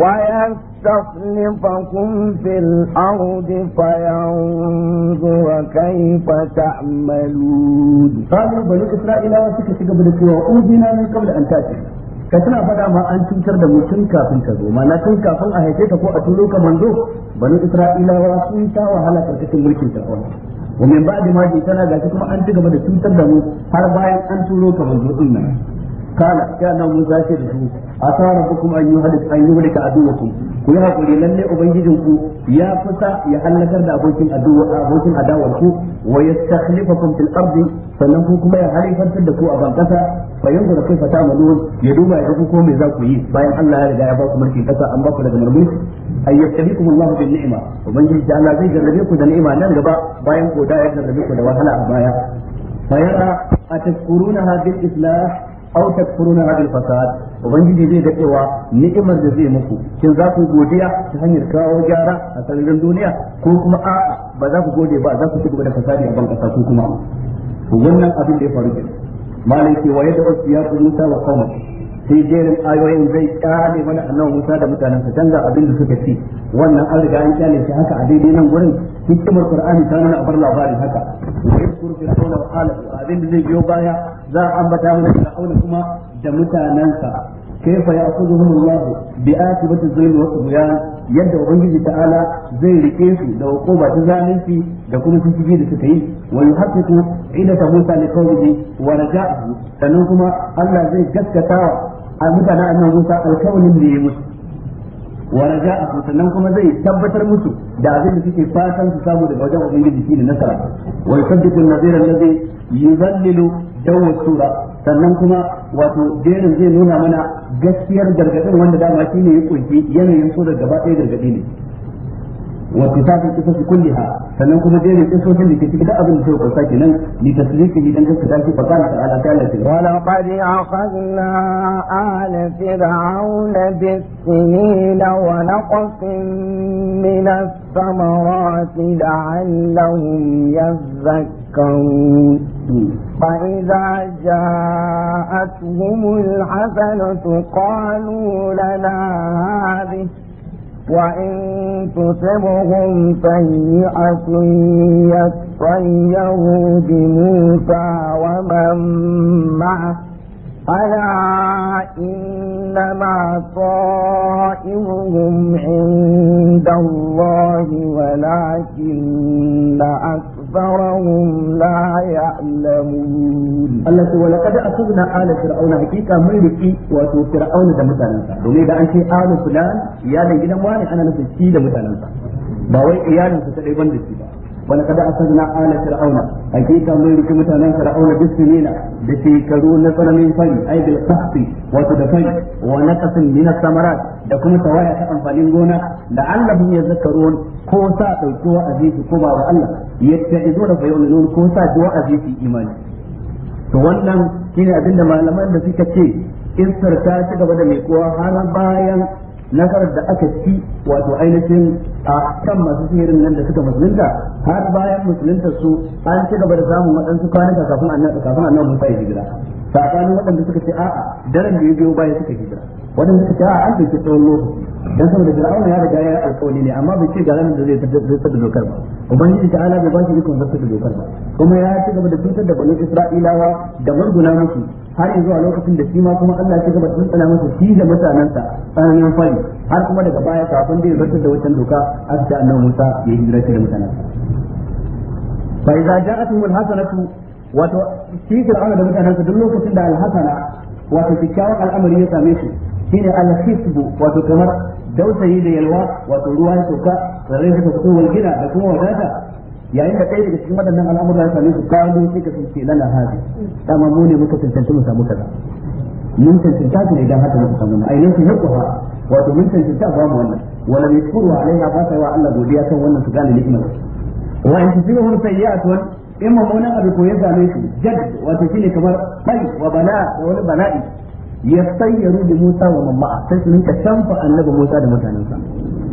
ويستخلفكم في الأرض فينظر كيف تعملون قالوا بنو إسرائيل وسكت قبل وأوذنا من قبل أن تأتي ka tana faɗa ma an cutar da mu tun kafin ka zo ma'ana tun kafin a haife ka ko a turo ka manzo bani isra'ilawa sun sha wahala karkashin mulkin fir'auna wa min ba'di ma jitana gashi kuma an ci gaba da cutar da mu har bayan an turo ta manzo nan kala sai annabi Musa ya ce da su asa rabbukum an yuhlik an yuhlik aduwakum ku yi hakuri lalle ubangijin ku ya fasa ya halakar da abokin aduwa abokin adawar ku wa yastakhlifakum fil ardi sannan ku kuma ya halifantar da ku a bankasa bayan da kai fata malun ya duba me za ku yi bayan Allah ya riga ya ba ku mulki kasa an ba ku ni'ma Allah zai jarrabe ku da nima nan gaba bayan ko da ya jarrabe ku da wahala a baya fayara atashkurunaha bil islah aw takfuruna hadal fasad ubangiji zai ga cewa ni'imar da zai muku kin za ku godiya ta hanyar kawo gyara a sararin duniya ko kuma ba za ku gode ba za ku ci gaba da fasadi a ban kasa ku kuma wannan abin da ya faru kenan malai ke waye da wasu ya musa kawai sai jerin ayoyin zai kyale mana annabi Musa da mutanen sa canza abin da suka ci wannan an riga an kyale shi haka a daidai nan gurin hikimar Qur'ani ta nuna abar labarin haka yadkur fir'auna wa alamu abin da zai biyo baya za a bata mana fir'auna kuma da mutanen sa كيف يأخذهم الله بآتبة الظلم والطغيان yadda ubangiji ta'ala zai rike su da hukuma ta zalunci da kuma cikin da suka yi wa yuhaqqiqu ila ta musa li qawmihi wa raja'ahu sannan kuma Allah zai gaskatawa a mutanen annabi Musa alkawalin da ya musu wa raja'ahu sannan kuma zai tabbatar musu da abin da suke fatan su samu daga wajen ubangiji shine nasara wa yusaddiqu an-nadhira alladhi yuzallilu dawwa sura sannan kuma wato jerin zai nuna mana gaskiyar gargadin wanda dama shine ya kunshi yanayin surar gaba ɗaya da gadi ne واتفاق القصص كلها فنن كما جيرين قصص اللي كتب أبن سوق قصة لتسليكه دن كتاب فقال تعالى تعالى ولقد أخذنا آل فرعون بالسنين ونقص من الثمرات لعلهم يذكرون فإذا جاءتهم الحسنة قالوا لنا هذه وإن تصبهم سيئة يتطيروا بموسى ومن معه ألا إنما طائرهم عند الله ولكن أكثر أكثرهم لا يعلمون التي ولقد أخذنا آل فرعون حقيقة من لكي واتو فرعون دا متانسا دومي دا أنشي آل فلان يا لنجنا واني أنا نفسي دا متانسا باوي إيانا ستعيبان دا wani kada asagna ala fir'auna hakika mun riki mutanen fir'auna bisinina da shekaru na tsananin fari ai bil qahti wato da fari wa naqasin min da kuma tawaya ta amfanin gona da annabin ya zakarun ko sa dauki wa azizi ko ba wa Allah yatta izuna fa yu'minun ko sa duwa azizi imani to wannan shine abinda malaman da suka ce isar ta ci gaba da mai kowa har bayan nasarar da aka ci wato ainihin a kan masu sihirin nan da suka musulunta har bayan musulunta su an ci gaba da samun waɗansu kwanuka kafin annabi kafin annabi Musa ya hijira sabanin waɗanda suka ce a'a daren da ya biyo baya suka hijira waɗanda suka ce a'a an ce tsawon lokaci dan saboda fir'auna ya riga ya alƙawari ne amma bai ce ga ranar da zai da dokar ba ubangiji ta ala bai ba shi rikon zartar da dokar ba kuma ya ci gaba da tutar da bani isra'ilawa da murguna musu har yanzu a lokacin da shi ma kuma Allah ya ci gaba da masa musu shi da mutanensa tsananin fari har kuma daga baya kafin da ya zartar da wancan doka har da annabi Musa ya hijira da mutanensa fa idza ja'atuhum alhasanatu wato shi fir'auna da mutanensa duk lokacin da alhasana wato kikkiawan al'amari ya same shi shine alhisbu wato kamar dausayi da yalwa wato ruwa ya sauka sarrai suka fito wal gina da kuma wadata yayin da ɗaya daga cikin waɗannan al'amura ya same su kawo sai ka sunce lana hadi dama mu ne muka tantance mu samu kaza mun tantance ta ne dan haka muka samu ainihin su yakwa wato mun tantance ba mu wannan wala yashkuru alaiha ba sai wa Allah godiya kan wannan su gane ni'imar wa in tusibuhum sayyi'atun in mummunan abu ko ya same shi jad wato shine kamar bai wa bala da wani bala'i ya sayyaru da Musa wa mamma sai su ninka canfa annabi Musa da mutanensa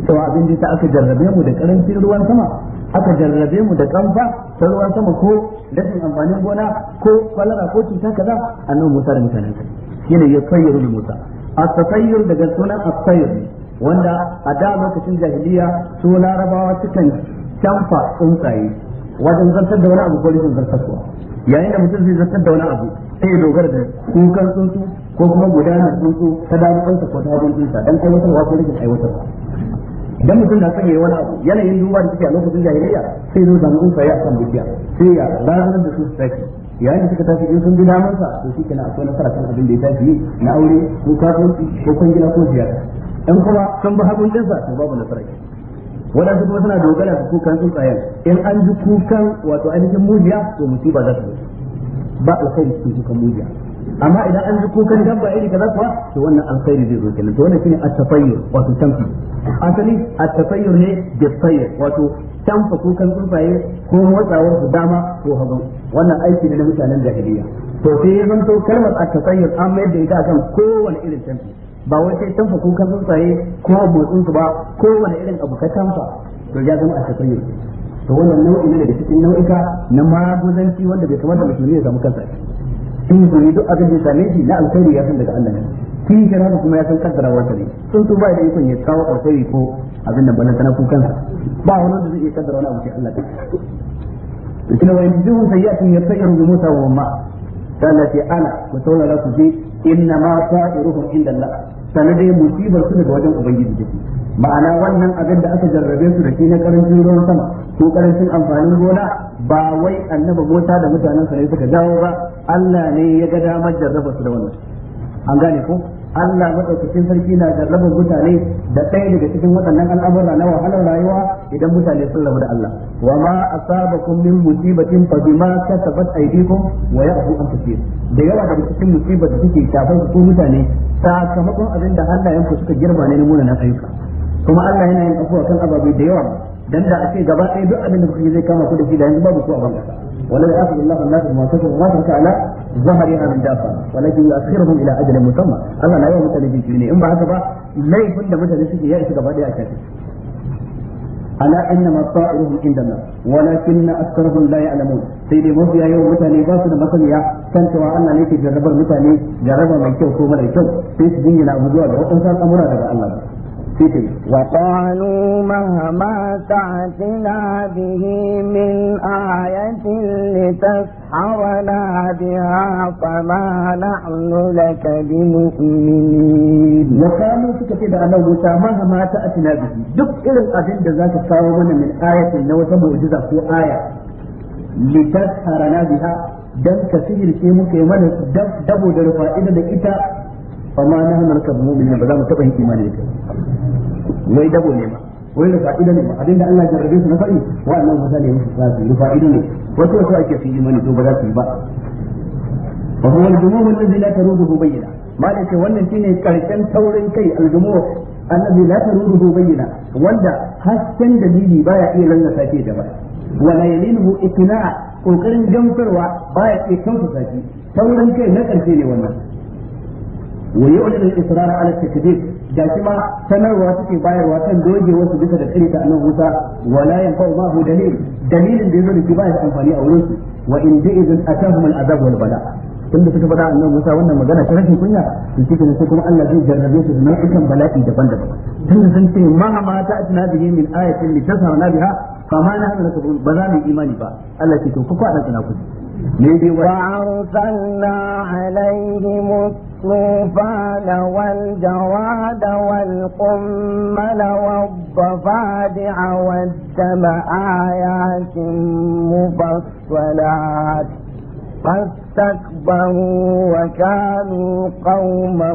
to abin da aka jarrabe mu da karancin ruwan sama aka jarrabe mu da kamfa ta ruwan sama ko rashin amfanin gona ko kwalara ko cuta kaza annabi Musa da mutanen mutanensa shine ya sayyaru da Musa at-tasayyur daga sunan at-tayyur wanda a da lokacin jahiliya su larabawa sukan canfa tsuntsaye wajen zartar da wani abu ko rikin zartarwa yayin da mutum zai zartar da wani abu sai ya dogara da kukan tsuntsu ko kuma gudanar tsuntsu ta damuwansa ko ta hajjin tsuntsa don aiwatarwa ko rikin aiwatarwa idan mutum na sanya wani abu yanayin duba da suke a lokacin jahiliya sai zo samu tsuntsa ya san bishiya sai ya ranar da su su tafi yayin da suka tafi in sun bi damansa to shi kenan akwai nasara kan abin da ya tafi na aure ko kasuwanci ko kwangila ko ziyara in kuma sun bi hagun dinsa to babu nasara waɗansu kuma suna dogara da kukan tsuntsayen in an ji kukan wato ainihin mujiya to musiba za su zo ba alkhairi cikin kukan mujiya amma idan an ji kukan dabba iri kaza kuwa to wannan alkhairi zai zo kenan to wannan shine at-tafayyur wato tamfi asali at-tafayyur ne da tayyur wato tamfa kukan tsuntsaye ko motsawar su dama ko hagu wannan aiki ne na mutanen jahiliya to sai ya zanto kalmar at-tafayyur an mayar da ita akan kowane irin tamfi ba wai sai tamfa kukan tsuntsaye ko motsin su ba ko wani irin abu ka tanfa to ya zama a tafiye to wannan nau'i ne daga cikin nau'ika na maguzanci wanda bai kamata musulmi ya samu kansa in yi duk abin da ya same shi na alkhairi ya san daga Allah ne kin kira kuma ya san kaddara wata ne sun to ba da ikon ya kawo alkhairi ko abin da bana sana kansa ba wani da zai iya kaddara wani abu sai Allah ta kina wa yanzu ya yasairu bi musa wa ma kana ce ana ku saurara ku je inna ma sa'iruhum inda Allah sanade musibar su daga wajen ubangiji take ma'ana wannan abin da aka jarrabe su da shi na karancin ruwan sama ko karancin amfanin gona ba wai annaba mota da mutanen sa ne suka jawo ba Allah ne ya ga damar jarraba su da wannan an gane ko Allah madaukakin sarki na jarrabar mutane da ɗaya daga cikin waɗannan al'amura na wahalar rayuwa idan mutane sun rabu da Allah wa ma asabakum min musibatin fa bima kasabat aydikum wa ya'fu an kaseer da yawa daga cikin musibar da suke shafar su mutane sakamakon abin da hannayen suka girma ne na na ayyuka kuma Allah yana yin afuwa kan ababe da yawa dan da a ce gaba ɗaya duk abin da kuke zai kama ku da shi da yanzu babu ku a bangasa ولا يأخذ الله الناس بما كسبوا وما ترك على ظهرها من دابة ولكن يؤخرهم إلى أجل مسمى الله لا يوم تلفي في إن بعد ما لا يكون مثل شيء يأتي قبل أكثر ألا إنما طائرهم عندنا ولكن أكثرهم لا يعلمون سيدي موسى يوم متاني باسل مسمية كان سواء أن ليك جربر متاني جربر ما يكيو كوما يكيو سيدي دينا أبو جوال وقصة أمرا لك الله وقالوا مهما تعتنا به من آية لتسحرنا بها فما نحن لك بمؤمنين وقالوا سكتي ده أنا موسى مهما تأتنا به دك إلى الأبن ذاك فاومنا من آية نوة معجزة في آية لتسحرنا بها دم كثير شيء ممكن دم دبو درفا إلى إتا fa na hana ka mu'minin ba za mu taba yin imani da wai dabo ne ma wai da fa'ida ne ma abinda Allah ya jarrabe su na wa wa'annan wata ne musu zasu da fa'ida ne wasu wasu ake su imani to ba za su yi ba wa huwa al-jumu'u alladhi la taruduhu bayyana ma da ce wannan shine karshen taurin kai al-jumu'u annabi la taruduhu bayyana wanda hasken dalili baya iya lallasa shi da ba wala yalinuhu ikna kokarin gamsarwa baya ke kamsa shi taurin kai na karshe ne wannan wa yu'linu al-israr ala at-takdhib da shi ma sanarwa suke bayarwa kan doge wasu bisa da kare ta annabi Musa wala yanfa'u ma hu dalil dalilin zo yazo da ba shi amfani a wurin su wa in bi'idun atahum al-azab wal bala tunda suka faɗa annabi Musa wannan magana ta rashin kunya to shi ne kuma Allah zai jarrabe su da nau'ikan bala'i daban-daban tunda sun ce ma ma ta'tina bihi min ayatin litasarna biha fa ma nahnu lakabun ba za mu imani ba Allah ka to ku kwada tsana ku وأرسلنا عليهم الطوفان والجراد والقمل والضفادع والدم آيات مفصلات فاستكبروا وكانوا قوما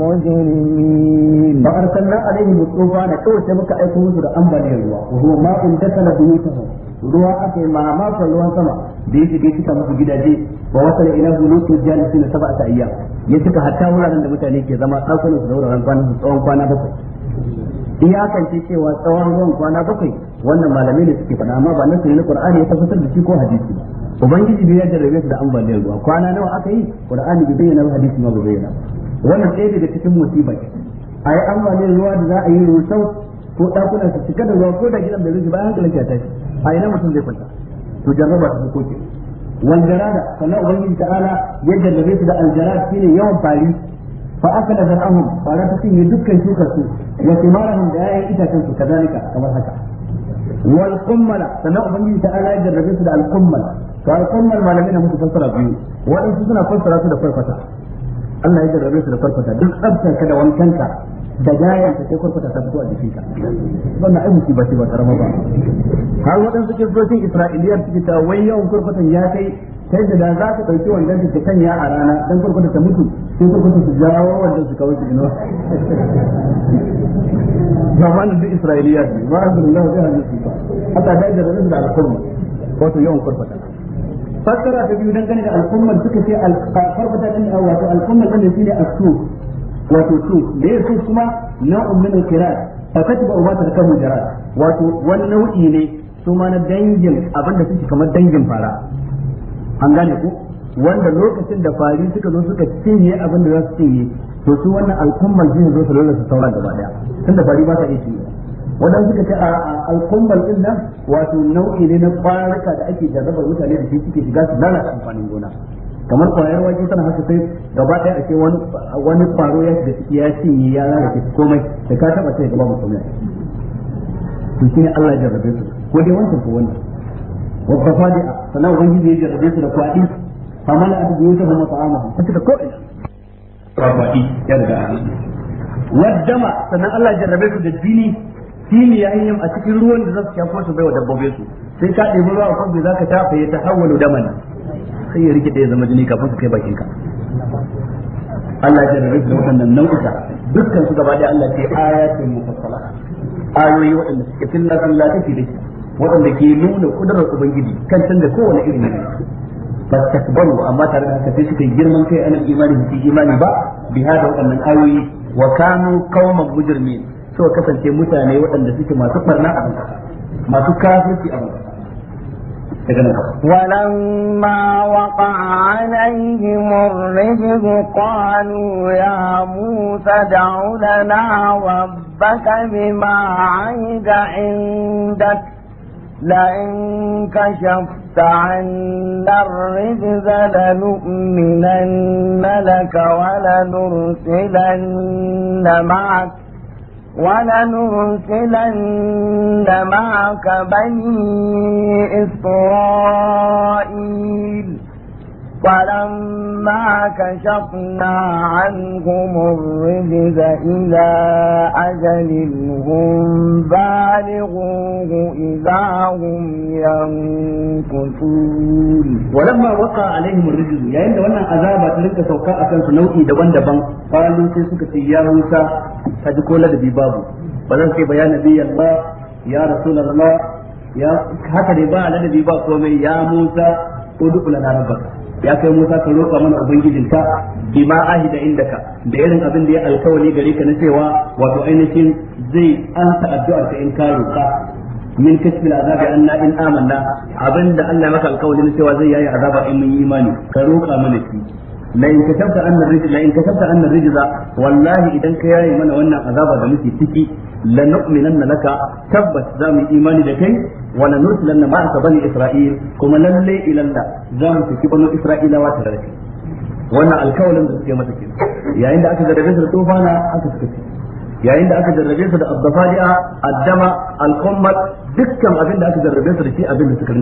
مجرمين فأرسلنا عليهم الطوفان كوسمك الله وهو ماء دخل بيوتهم ruwa aka yi mamakon ruwan sama da ya shiga cika musu gidaje wa wasu da ina zulu su na suna saba ta ta'ayya ya cika hatta wuraren da mutane ke zama ɗakunan su da wuraren kwanan su tsawon kwana bakwai iyakance cewa tsawon ruwan kwana bakwai wannan malamai ne suke faɗa amma ba na na qur'ani ya tabbatar da shi ko hadisi ubangiji bai yarda rabe su da ambaliyar ruwa kwana nawa aka yi qur'ani bai bayyana hadisi ma bai bayyana wannan ɗaya daga cikin musiba a yi ambaliyar ruwa da za a yi rusau ko ɗakunan su cika da ruwa ko da gidan da zai ba hankalin a tashi a ina mutum zai kwanta to jarraba ta farko ce wal jarada sannan ubangiji ta'ala ya jarrabe su da aljarad shine yawan fari fa akala zar'ahum fara ta cinye dukkan shukar su wa thimarahum da yayin itacen su kazalika kamar haka wal qummala sannan ubangiji ta'ala ya jarrabe su da al qummala to al qummal malamai na musu fassara biyu waɗansu suna fassara su da farfata Allah ya jarrabe su da farfata duk tsabtanka da wankanka da gayan ta sai kurkuta ta fito a jikinka wannan ai musiba ce ba karama ba har waɗansu kiristocin isra'iliyar suke ta wai yawan kurkutan ya kai ta yadda da za su ɗauki wannan su kan ya a rana dan kurkuta ta mutu sai kurkuta su jawo wannan su kawai su inuwa zamanin duk isra'iliyar ne ba su lullu zai hannu su ba haka da yadda da al'umma wato yawan kurkuta fassara ta biyu dangane da al'ummar suka ce al'ummar din wato al'ummar din shine asu wato su da ya su kuma nau'un min al-kirat fa kataba wa tarkamu jarat wato wani nau'i ne su ma na dangin abinda suke kamar dangin fara an gane ku wanda lokacin da fari suka zo suka cinye abinda za su cinye to su wannan al-kummal zai zo su lalata sauran gaba daya tunda fari ba ta iya cinye wadanda suka ce a al-kummal din nan wato nau'i ne na kwaraka da ake jarrabar mutane da shi suke shiga su lalata amfanin gona kamar kwayar wake tana haka sai gaba daya ake wani wani kwaro ya shiga ciki ya cinye ya lalace komai da ka taba sai gaba mutum ne to ne Allah ya jarrabe su ko dai wancan ko wannan wa qafadi sanan ubangiji ya jarrabe su da kwadi faman abu yusuf ma ta'amahu kace da ko ina kwadi ya daga waddama sanan Allah ya jarrabe su da jini shine yayin a cikin ruwan da za su shafo su bai wa dabbobe su sai ka ɗebi ruwa a kwamfi za ka tafa ya ta hawalu damani sai ya rike da ya zama jini kafin ka kai bakin ka Allah ya rubuta da wannan nau'uka dukkan su gaba da Allah ya ayatin mufassala ayoyi waɗanda suke filla filla take da shi waɗanda ke nuna kudurar ubangiji kan canza kowane irin ne ba takbaru amma tare da haka sai suka girman kai anan imani su imani ba bi hada waɗannan ayoyi wa kanu qauman mujrimin suka kasance mutane waɗanda suke masu barna a masu kafirci a ولما وقع عليهم الرجل قالوا يا موسى دع لنا ربك بما عيد عندك لئن كشفت عنا الرجز لنؤمنن لك ولنرسلن معك ولنرسلن معك بني إسرائيل فلما كشفنا عنهم الرجز إلى أجل هم بالغوه إذا هم ينكثون ولما وقع عليهم الرجز يعني لو أن عذابة لك سوكاء كان سنوئي دوان دبان قالوا سيسك يا موسى تدكول لدي بابو بلن في بيان نبي الله يا رسول الله يا هكذا با لدي باب يا موسى ادخل لنا ربك ya kai Musa ka roƙa mana ubangijinka bima ahida indaka da irin abin da ya alkawari gare ka na cewa wato ainihin zai ansa addu'ar ka in ka roƙa min kasbil azabi anna in amanna da Allah maka alkawari na cewa zai yayi azaba in mun yi imani ka roƙa mana shi la in kasabta anna rijza la in kasabta anna rijza wallahi idan ka yayi mana wannan azaba da muke ciki lanu'minanna laka tabbas za mu imani da kai wa lanursilanna ma'aka bani isra'il kuma lalle ilalla za mu tafi bani isra'ilawa tare da kai wannan alkawalin da suke mata kenan yayin da aka gargaje su da tufana aka suka yayin da aka jarrabe su da addafadi'a addama alqummat dukkan abin da aka jarrabe su da shi abin da suka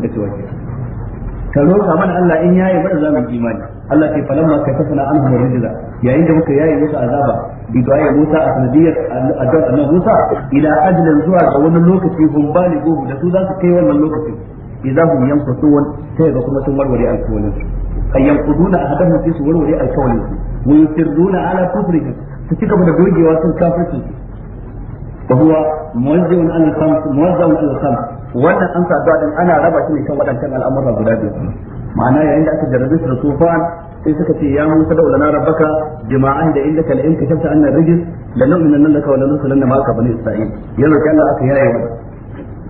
ka roƙa mana Allah in yayi bada za mu yi imani Allah ke ce falamma kai kasana an hum rijza yayin da muka yayi musu azaba bi du'a Musa a sanadiyar addu'a annabi Musa ila ajlan zuwa ga wani lokaci hum gobe, da su za su kai wannan lokacin idan hum yanfusun sai ga kuma sun warware alkawalin su ay yanquduna ahadahum fi su warware alkawalin su wa yusirruna ala kufrihim su cika da dogewa sun kafirci fa huwa muwajjahun ala al-khams muwajjahun ala al-khams wannan an sa addu'a din ana raba shi ne kan waɗancan al'amura guda biyu ma'ana yayin da aka jarrabe su da tufan sai suka ce ya musa da ulana rabbaka jima'an da inda kal in kashafta anna rijis la nu'minu lannaka wa la nusallanna ma'aka bani isra'il yanzu kan Allah aka yaye wannan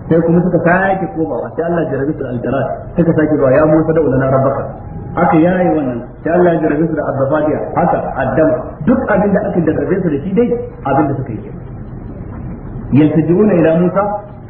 sai kuma suka sake komawa sai Allah jarrabe su al-jarat suka sake zuwa ya musa da ulana rabbaka aka yaye wannan sai Allah jarrabe su da azzafadiya haka addam duk abin da aka jarrabe su da shi dai abin da suka yi yantajuna ila musa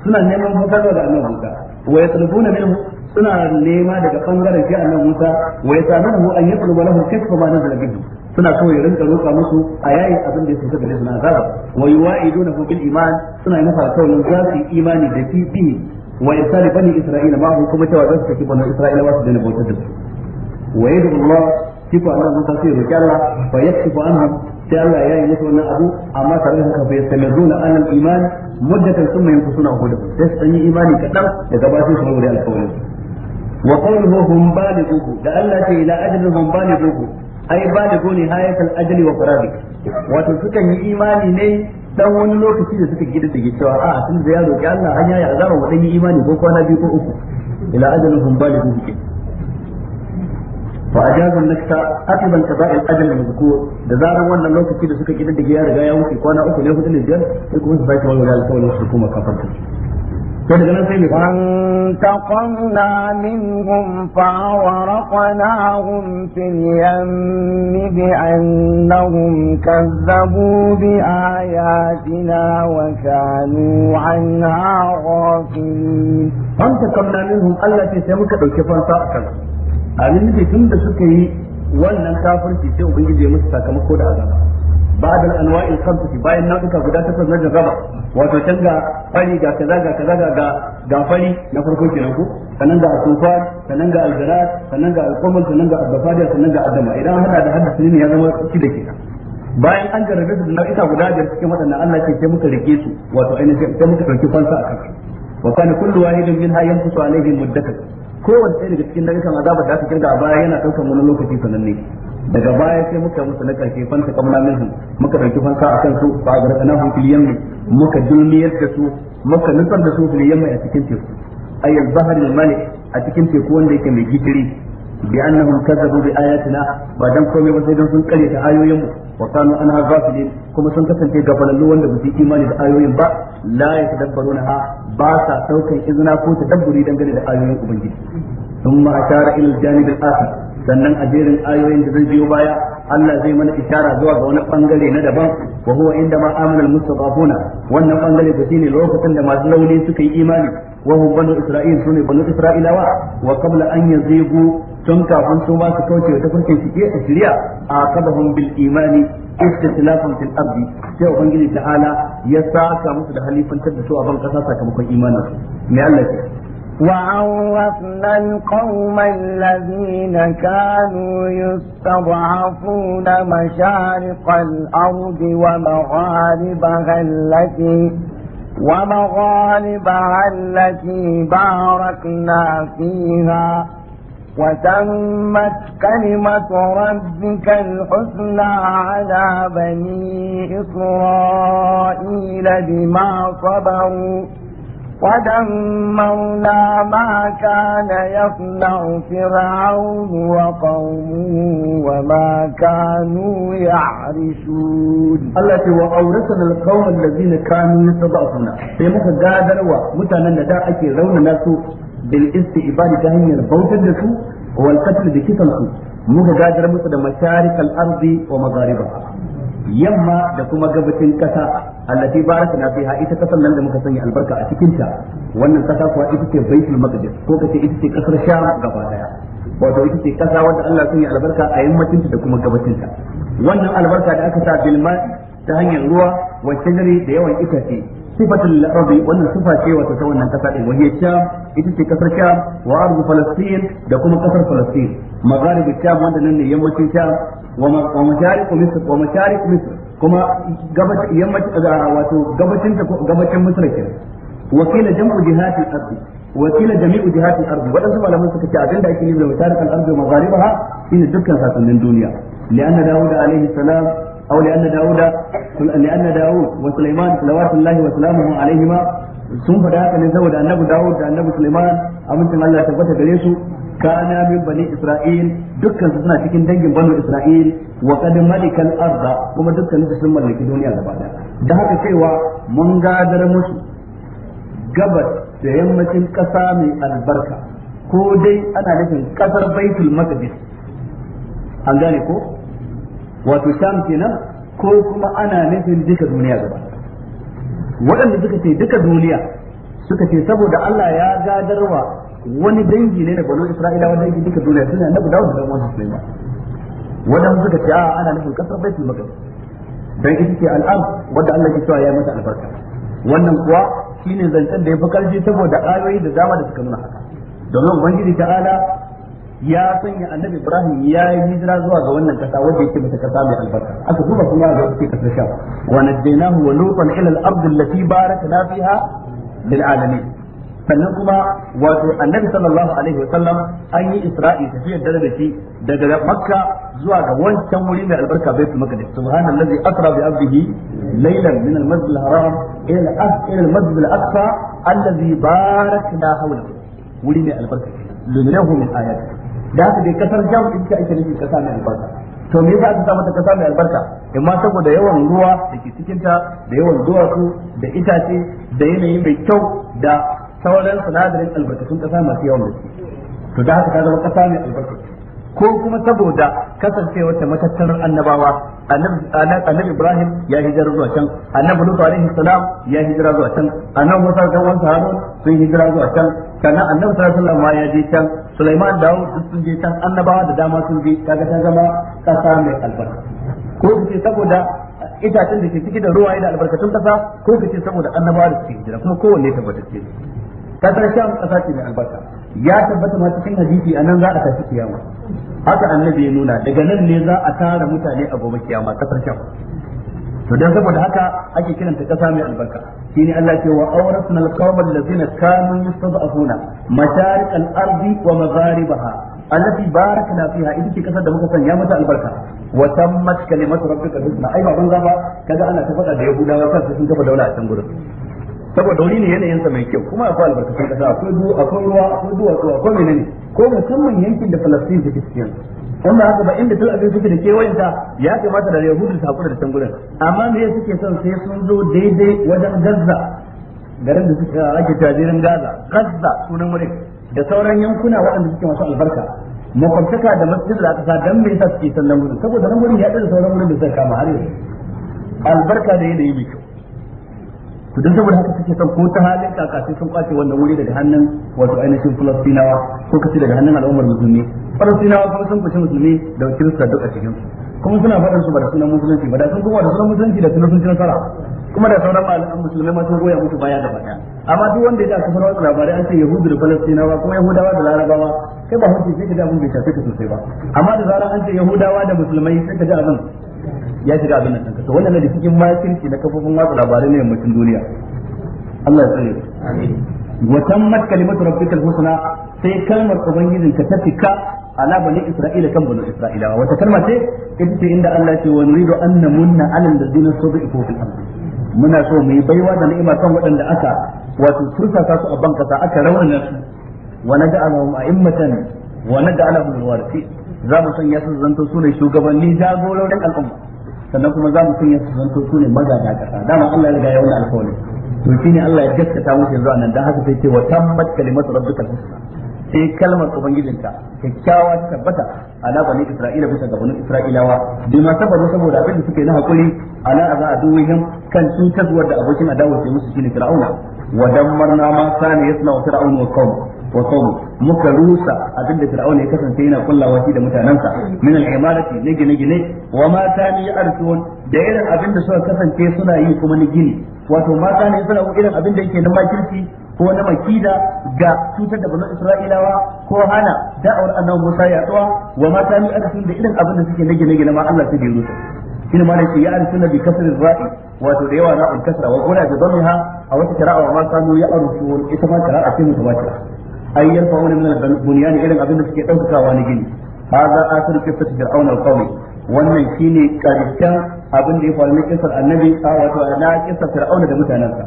suna neman fatarwa da annabi Musa wa yatlubuna minhu suna nema daga bangaren shi annabi Musa wa yasaluhu an yatluba lahu kiffa ma nazala bihi suna so ya rinka roƙa musu a yayin abin da ya saka gare su na zara wa yuwa'idunahu bil iman suna yi masa alƙawarin za su yi imani da fi fi wa irsali bani isra'ila ma kuma cewa za su saki bani isra'ila wasu da bautar da su wa yadu Allah shi ko annabi Musa sai roki Allah fa ku anhum sai Allah ya yi musu wannan abu amma tare da haka fa yastamiruna an al-iman muddatan thumma yanqusuna hudu sai su yi imani kadan daga ba sai su rubuta alƙawarin wa qawluhu hum balighuhu da Allah ce ila ajrin hum balighuhu ai balighu ne hayatul ajli wa farabi wato suka yi imani ne dan wani lokaci da suka gida da cewa a tun da ya roki Allah an yaya azaba wa dan yi imani ko kwana biyu ko uku ila ajalin hum balighu فأجاز النكتة عقب انقضاء الأجل المذكور da zaran wannan lokaci da suka kididdige ya riga ya wuce kwana uku ne hudu ne biyar sai kuma su sake walwala alƙawarin wasu hukuma sai daga nan sai فانتقمنا منهم فأورقناهم في اليم بأنهم كذبوا بآياتنا وكانوا عنها غافلين فانتقمنا منهم التي سمكت الكفر تأكل amin nufi tun da suka yi wannan kafirci sai ubangiji ya musu sakamako da azaba da al-anwa'il khamsati bayan nau'uka guda takwas na jarraba wato can ga fari ga kaza ga kaza ga ga fari na farko kenan ko sanan ga al sanan ga aljarat sanan ga al sanan ga al sanan ga adama idan hada da hadda sunan ya zama shi da kenan bayan an jarrabe su da nau'uka guda biyar cikin waɗannan Allah ke sai muka rike su wato ainihin sai muka dauki fansa a kansu wa kana kullu wahidin minha yanqusu alayhi muddatan kowanne ɗaya daga cikin dalilan azabar da aka kirga a baya yana ɗaukar wani lokaci sananne daga baya sai muka musu na karshe fanta kamuna minhum muka ɗauki fanka a kan su ba a garka na fil yammi muka dulmiyar da su muka nutsar da su fil yammi a cikin teku ayyul bahr al malik a cikin teku wanda yake mai gishiri bi annahum kazzabu aya ayatina ba dan komai ba sai dan sun kare ta ayoyin mu wa kanu anha ghafilin kuma sun kasance gafalallu wanda da su imani da ayoyin ba la yatadabbaruna ha ba sa daukan izina ko tadabburi dangane da ayoyin ubangiji thumma ashara ila al-janib al sannan a jerin ayoyin da zai biyo baya Allah zai mana ishara zuwa ga wani bangare na daban wa huwa inda ma amanal mustadafuna wannan bangare da ne lokacin da masu launi suka yi imani وهم بنو إسرائيل سنة بنو إسرائيل وا وقبل أن يزيغوا تنكا عن سوما سكوتي وتكون في سكية أسرية عاقبهم بالإيمان استسلافا في الأرض سيء بنجل تعالى يساك مثل حليفا تدسوا أبن قصاصا كمكن إيمانا ما وعرفنا القوم الذين كانوا يستضعفون مشارق الأرض ومغاربها التي ومغالبها التي باركنا فيها وتمت كلمة ربك الحسنى على بني إسرائيل بما صبروا ودمرنا ما كان يصنع فرعون وقومه وما كانوا يعرشون التي وأورثنا القوم الذين كانوا يستضعفون في مكة قادروا متانا لدى أكي رون ناسو بالاستئبال تهنيا بوتا لسو والقتل بكتنسو مكة قادر متنا مشارك الأرض ومغاربها yamma da kuma gabacin kasa allati barakna fiha ita kasan nan da muka sanya albarka a cikin ta wannan kasa kuwa ita ce baitul maqdis ko kace ita ce kasar sham gaba daya wato ita ce kasa wanda Allah sanya albarka a yammacin ta da kuma gabacin ta wannan albarka da aka sa bil ta hanyar ruwa wa shajari da yawan itace sifatul ardi wannan sifa ce wata ta wannan kasa din wahiyar sham ita ce kasar sham wa ardu falastin da kuma kasar falastin magharib sham wanda nan ne yammacin sham wa masharib misr wa masharib misr kuma gabacin yammacin wato gabacin gabacin misr kenan wakila jam'u jihatil ardi wakila jami'u jihatil ardi wadansu malamai suka ce abinda ake yi da masharib al ardi wa magharibaha shine dukkan sasannin duniya لأن داود عليه أو لأن داود لأن داود وسليمان صلوات الله وسلامه عليهما sun faɗa haka ne saboda annabi Dawud da annabi Sulaiman amincin Allah ya tabbata gare su kana min bani Isra'il dukkan su suna cikin dangin bani Isra'il wa qad malikal arda kuma dukkan su sun mallaki duniya gaba daya da haka cewa mun gadar musu gabas da yammacin ƙasa mai albarka ko dai ana nufin ƙasar Baitul Maqdis an gane ko wato sham kenan ko kuma ana nufin duka duniya gaba waɗanda suka ce duka duniya suka ce saboda Allah ya gadarwa wani dangi ne na banu Isra'ila wani dangi duka duniya suna annabi Dawud da Musa Sulaiman wadanda suka ce a ana nufin kasar Baitul Maqdis dan ita ce al'am wanda Allah ya cewa ya mata albarka wannan kuwa shine zancen da ya fi karfi saboda ayoyi da dama da suka nuna haka domin ubangiji ta'ala ya sanya annabi Ibrahim ya yi hijira zuwa ga wannan kasa wanda yake mata kasa mai albarka aka duba kuma ga wata kasar sha wa najjaynahu wa lutan ila al-ardh allati barakna fiha lil alamin sannan kuma wato annabi sallallahu alaihi wa sallam an yi isra'i tafiyar dare da shi daga makka zuwa ga wancan wuri mai albarka baitul maqdis subhanallazi asra bi abdihi laylan min al-masjid al-haram ila al-masjid al-aqsa allazi barakna hawlahu wuri mai albarka luminahu min ayatihi da haka dai kasar jam in ta ake nufin kasa mai albarka to me yasa aka sa mata kasa mai albarka amma saboda yawan ruwa da ke cikin ta da yawan duwatsu da itace da yanayi mai kyau da sauran sinadarin albarkatun kasa masu yawan gaske to da haka ta zama kasa mai albarka ko kuma saboda kasancewar ta matattarar annabawa annabi Ibrahim ya hijira zuwa can annabi Nuhu alaihi salam ya hijira zuwa can annabi Musa da wanda Harun sun hijira zuwa can sannan annabi sallallahu alaihi ya je can Sulaiman da Dawud sun je can annabawa da dama sun je kaga ta zama kasa mai albarka ko kace saboda itacen da ke ciki da ruwaye da albarkatun kasa ko kace saboda annabawa da suke hijira kuma kowanne tabbatacce kasar sham kasa ce mai albarka ya tabbata ma cikin hadisi anan za a tafi kiyama haka annabi ya nuna daga nan ne za a tara mutane a gobe kiyama kasar sham to dan saboda haka ake kiranta kasa mai albarka shine Allah ce wa awrasna alqawma allazina kanu yastad'afuna masharik al-ardi wa magharibaha allati barakna fiha ita ce kasar da muka sanya mata albarka wa tammat kalimatu rabbika husna ai ba banza ba kaga ana ta faɗa da yahudawa kansu sun kafa daula a can gurin saboda wuri ne yanayin sa mai kyau kuma akwai albarkatun kasa akwai duwa akwai ruwa akwai duwatsu akwai menene ko musamman yankin da Falastin take cikin in da haka ba inda Tel Aviv suke da kewayenta ya kamata da Yahudu su hakura da can amma me suke son sai sun zo daidai wajen Gaza garin da suke ake tajirin Gaza Gaza sunan wurin da sauran yankuna waɗanda suke masu albarka makwabtaka da masjid da aka sa dan me yasa suke son nan saboda nan gurin ya da sauran wurin da suka kama har yanzu albarka da yanayi mai kyau to dan saboda haka kake son ko ta halin kaka sai sun kwace wannan wuri daga hannun wato ainihin Falastinawa ko kace daga hannun al'ummar musulmi Falastinawa kuma sun kushi musulmi da Kirista duk a cikin su kuma suna faɗin su ba da sunan musulunci ba da sun kuma da sunan musulunci da sunan sun ci nasara kuma da sauran malaman musulmai ma sun goya musu baya da baya amma duk wanda ya ta kafar da labarai an ce Yahudu da Falastinawa kuma Yahudawa da Larabawa kai ba hukunci sai ka ji abin bai shafe ka sosai ba amma da zarar an ce Yahudawa da musulmai sai ka ji abin ya shiga abin nan to wannan ne cikin makirci na kafofin watsa labarai na yammacin duniya Allah ya tsare amin wa tammat kalimatu rabbikal husna sai kalmar ubangijin ka ta fika ala bani isra'ila kan bani isra'ila wata kalma ce ita ce inda Allah ce wa nuridu an namunna alal ladina sudifu fil ardh muna so mu yi baiwa da ni'ima kan waɗanda aka wato tursasa su a bankasa aka raunana su wa naj'alahum a'immatan wa naj'alahum alwarithin za mu sanya su zanto su ne shugabanni jagororin al'umma sannan kuma za mu sanya su zanto su ne magada kasa dama Allah ya riga ya wani alƙawarin to Allah ya gaskata musu yanzu nan dan haka sai ce wa tammat kalimatu rabbikal husna sai kalmar ubangijinka kyakkyawa ta tabbata ala bani isra'ila bisa ga isra'ilawa bima sabaru saboda abin da suke na hakuri ana aza aduwihim kan cutarwar da abokin adawa ke musu shine fir'auna wa dammarna ma kana yasna wa fir'aun wa qaum wa qawm muka rusa abin da fir'auna ya kasance yana kullawa shi da mutanansa min al-imarati ne gine gine wa ma kani yarsun da irin abin abinda suka kasance suna yi kuma ni gini wato ma kani suna irin abin da yake na makirci ko na makida ga cutar da bazan isra'ilawa ko hana da'awar annabi Musa ya yaduwa wa ma kani yarsun da irin abin da suke na gine gine ma Allah sai ya rusa shine ma yake ya arsuna bi kasrin ra'i wato da yawa na kasra wa qula bi dhamha a wata qira'a wa ma kanu ya arsun ita ma qira'a ce mutawatir ay yarfa'una min al ne irin abin da suke daukakawa wani gini hadha akhir qissat fir'aun al-qawmi wannan shine karshen abin da ya faru na kissar annabi a wato na kissar fir'auna da mutanansa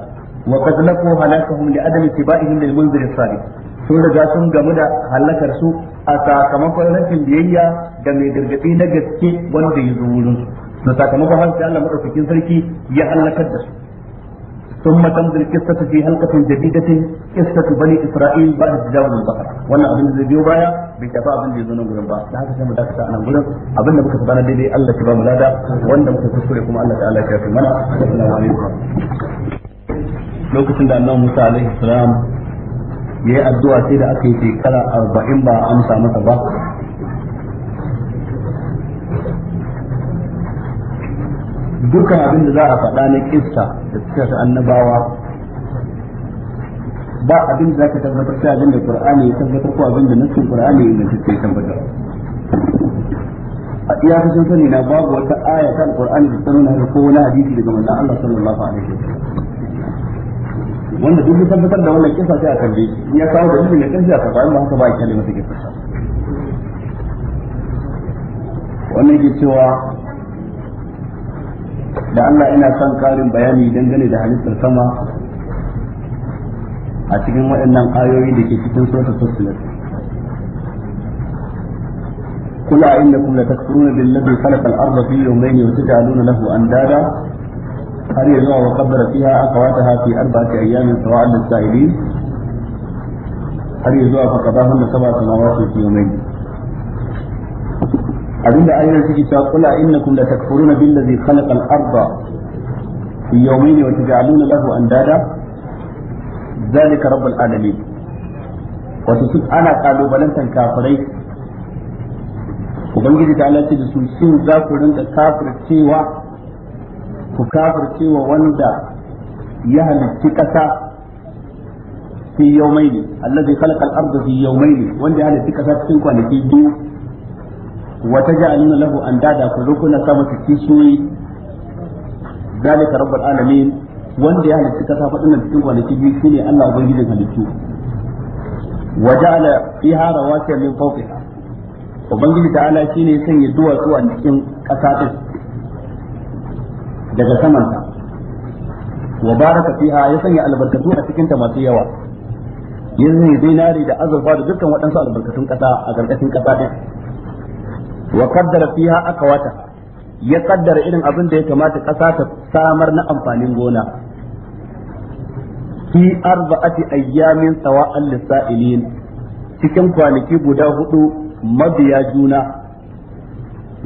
wa qad laqu halakahum li adami tibaihim lil munzir as-salih sun riga sun gamu da halakar su a sakamakon rashin biyayya da mai gargadi na gaske wanda ya zo wurin su sakamakon haka Allah madaukakin sarki ya halakar da su ثم تنظر القصة في حلقة جديدة قصة بني إسرائيل بعد تجاوز البحر وأنا أبن زبيو بايا بشفاء أبن زبيو نقول با لا هذا شيء مدافع أنا أقول أبن نبكة سبحانه ديدي الله شفاء ملادا وأن نبكة تذكركم الله تعالى شافي منا السلام عليكم lokacin da annabi Musa alaihi salam yayi addu'a sai da aka yi shekara 40 ba amsa masa ba dukkan abin da za a faɗa na kissa da ta annabawa ba abin da zaka tabbatar sai abin da Qur'ani ya tabbatar ko abin da nassin Qur'ani ya inganta ya tabbatar a iya kusan sani na babu wata aya ta Qur'ani da tsaron haka ko wani hadisi daga manzon Allah sallallahu alaihi wasallam wanda duk ya tabbatar da wannan kisa sai a kalle ya kawo da ilimi kan a tabbatar ba haka ba ya kalle masa kisa wannan ke cewa da Allah ina son karin bayani dangane da halittar sama a cikin waɗannan ayoyi da ke cikin suratul fussilat قل أئنكم لتكفرون بالذي خلق الأرض في يومين وتجعلون له أندادا هل يجمع وقدر فيها أقواتها في أربعة أيام سواء للسائلين هل يجمع فقضاهن سبع سماوات في يومين abinda ayyar suke cewa kula innakum la takfuruna billazi khalaqa al-arda fi yawmayni wa taj'aluna lahu andada zalika rabbul alamin wato su ana kalubalantar kafirai ubangiji ta Allah ce da su shin za ku rinka cewa ku kafircewa wanda ya halitti kasa fi yawmaini allazi khalaqa al-arda fi yawmaini wanda ya halitti kasa cikin kwanaki biyu wa taj'aluna lahu andada ku zo kuna sa masa kishiyoyi zalika rabbul alamin wanda ya halitta kasa fadin cikin kwanaki biyu shine Allah ubangijin halittu wa ja'ala fiha rawasiya min fawqiha ubangiji ta'ala shine ya sanya duwatsu a cikin kasa din daga samanta wa baraka fiha ya sanya albarkatu a cikin ta masu yawa ya yanzu zinari da azurfa da dukkan waɗansu albarkatun kasa a ƙarƙashin kasa din wa kaddara fiha akawata ya kaddara irin abin da ya kamata kasa ta samar na amfanin gona fi arba'ati ayyamin sawa'an lisa'ilin cikin kwanaki guda hudu mabiya juna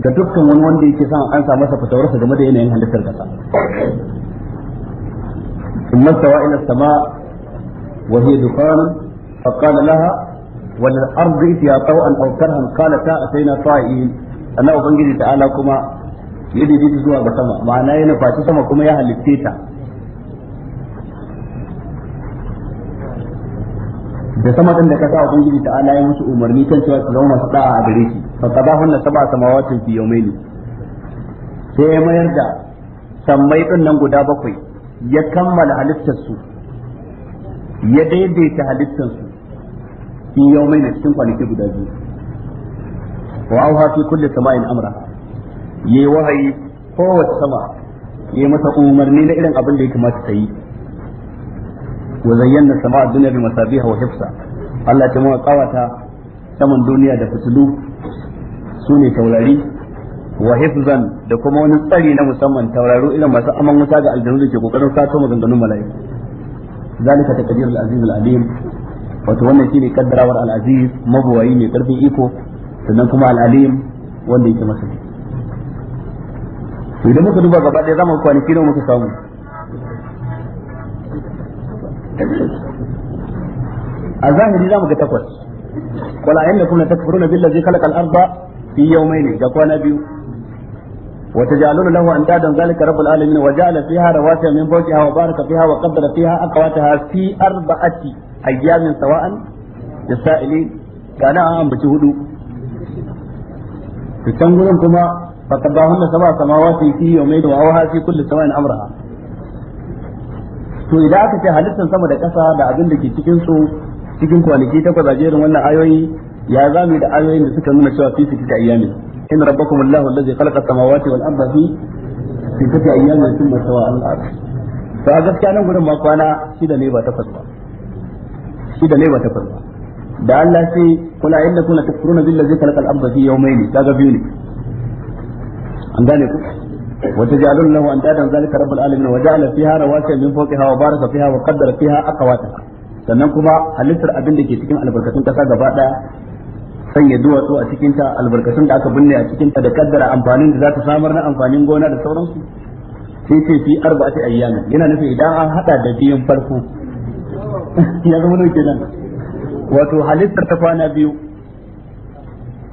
ga dukkan wani wanda yake son an samu masa fitawarsa game da yanayin halittar kasa ثم استوى إلى السماء وهي دخان فقال laha wal ardi ya taw'an aw karhan qala ta ataina ta'in Allah ubangiji ta'ala kuma ya dide zuwa ga sama ma'ana yana fati sama kuma ya halitte da sama din da ka sa ubangiji ala ya musu umarni kan cewa su zama masu da'a a gare shi fa qadahunna sab'a samawati fi yawmayn sai ya mayar da sammai din nan guda bakwai ya kammala halittar su ya daidaita halittar su fi yawmai na cikin kwanaki guda biyu wa auha fi kulli sama'in amra yayi wahayi kowace sama yayi mata umarni na irin abin da ya kamata ta yi wa zayyana sama'a dunya bi masabiha wa hifsa Allah ta mu kawata saman duniya da fitilu sune taurari wa hifzan da kuma wani tsari na musamman tauraro irin masu aman wuta ga aljanu da ke kokarin sato maganganun mala'iku zalika taqdirul aziz al alim wato wannan shine kaddarawar al-aziz mabuwayi mai karfin iko sannan kuma al-alim wanda yake masa idan muka duba gaba ɗaya zamu kwanaki nawa muka samu a zahiri zamu ga takwas wala ayyana kuma takfuruna billazi khalaqa al-arda fi yawmayn da kwana biyu wa taj'aluna lahu andadan zalika rabbul alamin wa ja'ala fiha rawasiya min fawqiha wa baraka fiha wa qaddara fiha aqwataha fi arba'ati ayyamin sawa'an lisa'ilin kana an ambaci hudu to can gurin kuma fakadahunna sab'a samawati fi yawmayn wa awha fi kulli samain amraha to idan aka ce halittar sama da ƙasa da abin da ke cikin su cikin kwanaki takwas a jerin wannan ayoyi ya zame da ayoyin da suka nuna cewa fi sittati ayyamin in rabbakum allahu allazi khalaqa samawati wal arda fi sittati ayyamin thumma sawa al arsh fa gaskiya nan gurin ma kwana shida ne ba takwas ba da ne ba ta ba da Allah sai kula inda kuna takfuruna billazi khalaqal arda fi yawmayni kaga biyu ne an gane ku وتجعلون له أندادا wa رب العالمين وجعل فيها رواسي من فوقها وبارك فيها وقدر فيها أقواتها sannan kuma halittar abin da ke cikin albarkatun kasa gaba daya sanya duwatsu a cikinta albarkatun da aka binne a cikin cikinta da kaddara amfanin da za ta samar na amfanin gona da sauransu sai ce fi arba'ati ayyamin yana nufin idan an hada da biyan farko ya zama nau kenan wato halittar ta kwana biyu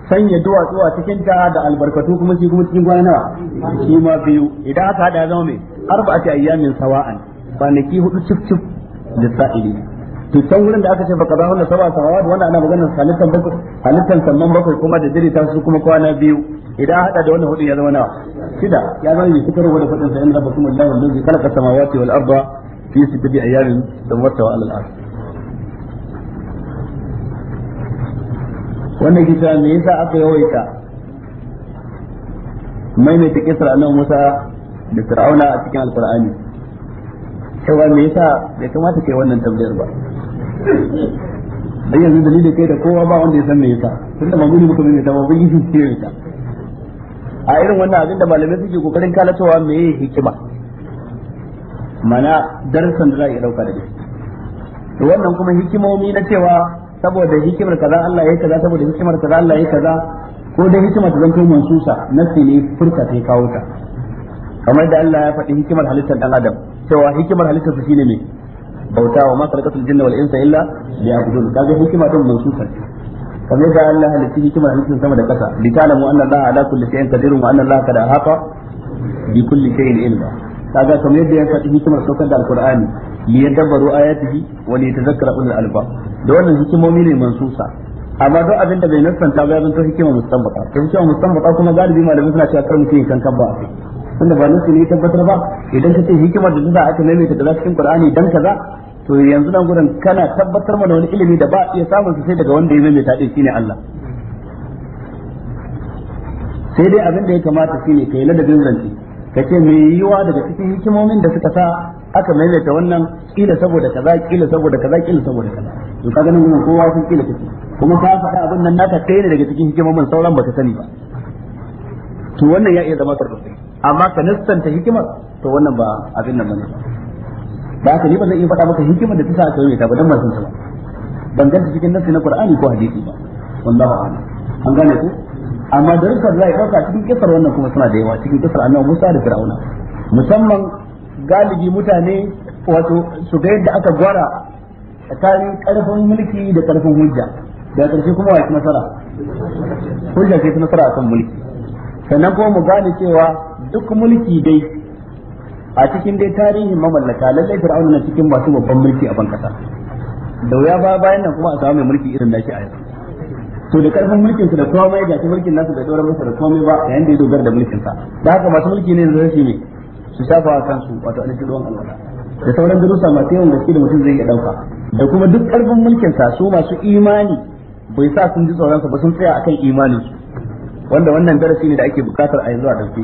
sanya duwatsu a cikin ta da albarkatu kuma shi kuma cikin kwana nawa shi ma biyu idan aka hada zama mai arba'ati ayyamin sawa'an kwanaki hudu cif cif da sa'ili to san wurin da aka ce baka zahunna saba sawa'at wanda ana maganar halittar bakwai halittar sannan bakwai kuma da dare ta su kuma kwana biyu idan hada da wannan hudu ya zama nawa shida ya zama mai fitarwa da fadin sa in rabbakum allahu allazi khalaqa samawati wal arda fi sittati ayamin da martawa alal arsh wannan kisa me yasa aka yawaita maimaita kisar annabi Musa da Fir'auna a cikin Alƙur'ani cewa me yasa bai kamata kai wannan tambayar ba dan yanzu dalilin kai da kowa ba wanda ya san me yasa tunda mamuni muka ne da mamuni shi ce a irin wannan abin da malamai suke kokarin kala cewa me yake hikima mana darasin da za a yi dauka da shi to wannan kuma hikimomi na cewa saboda hikimar kaza Allah yayi kaza saboda hikimar kaza Allah yayi kaza ko dai hikimar ta zanto mansusa nasi ne furka ta kawo ta kamar da Allah ya faɗi hikimar halittar dan adam cewa hikimar halittar su shine me bauta wa masarakatul jinna wal insa illa liya'budun kaga hikima din mansusa kamar da Allah halitta hikimar halittar sama da kasa litalamu anna Allah ala kulli shay'in qadirun wa anna Allah kada haqa bi kulli shay'in ilma kaga kamar yadda ya faɗi hikimar saukar da alkur'ani li yadabbaru ayatihi wa li tadhakkara ulul alba da wannan hikimomi ne mansusa amma duk abin da bai nassanta ba ya zanto hikima mustanbata to hikima mustanbata kuma galibi malamin suna cewa kar mutum kan ake tunda ba nasu ne tabbatar ba idan ka ce hikimar da za aka maimaita da cikin qur'ani dan kaza to yanzu nan gurin kana tabbatar mana wani ilimi da ba iya samun sai daga wanda ya maimaita din shine Allah sai dai abin da ya kamata shine kai ladabin zance kace me yiwa daga cikin hikimomin da suka sa aka maimaita wannan kila saboda kaza kila saboda kaza kila saboda kaza to kaga nan kowa sun kila take kuma ka faɗa abin nan naka kai ne daga cikin hikimomin sauran ba ka sani ba to wannan ya iya zama tarbi amma ka nistanta hikimar to wannan ba abin nan bane ba ka ni ba zan iya faɗa maka hikimar da ta sa aka maimaita ba dan ba san ta ba ban ganta cikin nasi na Qur'ani ko hadisi ba wallahi a'lam an gane ku amma darussan zai dauka cikin kisar wannan kuma suna da yawa cikin kisar annabi Musa da Fir'auna musamman galibi mutane wato su ga yadda aka gwara tsakanin karfin mulki da karfin hujja da karshe kuma wa nasara hujja ce ta nasara akan mulki sannan kuma mu gane cewa duk mulki dai a cikin dai tarihin mamallaka lallai Fir'auna na cikin masu babban mulki a ban kasa da wuya ba bayan nan kuma a samu mai mulki irin nashi a yanzu to da karfin mulkin su da komai ga shi mulkin nasu bai dora masa da komai ba yayin da ya dogara da mulkin sa da haka masu mulki ne zai shi ne su shafa a kansu wato an ruwan Allah da sauran darussa masu yawan gaske da mutum zai iya dauka da kuma duk karfin mulkin sa su masu imani bai sa sun ji tsoron sa ba sun tsaya akan imanin su wanda wannan darasi ne da ake bukatar a yanzu a dauke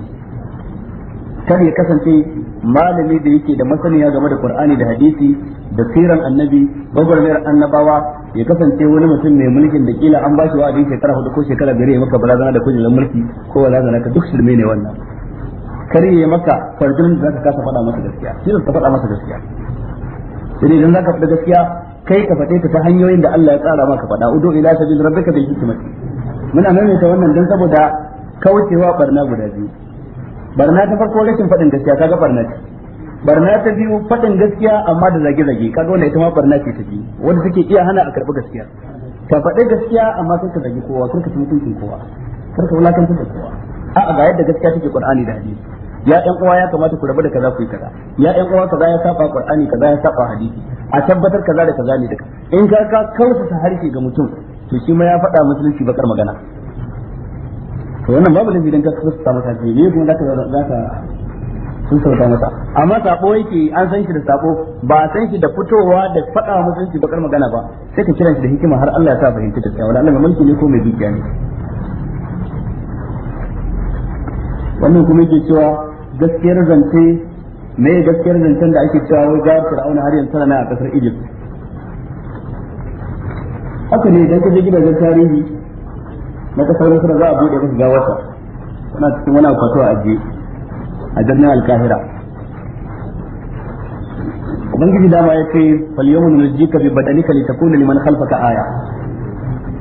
kar ya kasance malami da yake da masaniya game da Qur'ani da hadisi da siran annabi gwagwarmayar annabawa ya kasance wani mutum mai mulkin da kila an bashi wa'adin shekara hudu ko shekara biyar ya maka barazana da kujin mulki ko barazana ka duk shirme ne wannan kar ya maka farjin da zaka kasa faɗa masa gaskiya shi ne ka faɗa masa gaskiya sai idan zaka faɗa gaskiya kai ka faɗe ta ta hanyoyin da Allah ya tsara maka faɗa udu ila sabil rabbika bil hikmati muna maimaita wannan dan saboda kaucewa barna guda biyu barna ta farko rashin faɗin gaskiya kaga barna ce barna ta biyu faɗin gaskiya amma da zage-zage kaga wannan ita ma barna ce ta biyu wanda suke iya hana a karɓi gaskiya ka faɗi gaskiya amma sun ka zage kowa kar ka ci mutuncin kowa kar ka wulakantar da kowa a'a ga yadda gaskiya take Qur'ani da hadisi ya ɗan uwa ya kamata ku rabu da kaza ku yi kaza ya ɗan uwa kaza ya saba Qur'ani kaza ya saba hadisi a tabbatar kaza da kaza ne duka in ka ka kausa harshe ga mutum to shi ma ya faɗa musulunci bakar magana to wannan babu lafi dan ka ta masa ne kuma za ka. sun kyauta masa amma sabo yake an san shi da sabo ba a san shi da fitowa da san musulunci bakar magana ba sai ka kiran shi da hikima har Allah ya sa fahimci ta tsaya wala Allah mulki ne ko mai dukiya ne wannan kuma yake cewa gaskiyar zance me gaskiyar zancen da ake cewa wai ga Fir'auna har yanzu tana a kasar Egypt haka ne idan ka je gidajen tarihi na kasar Misra za a bude ka shiga wata kana cikin wani akwato a ajiye a birnin alkahira ubangiji dama ya ce falyawma ɗani bi badanika litakuna liman khalfaka aya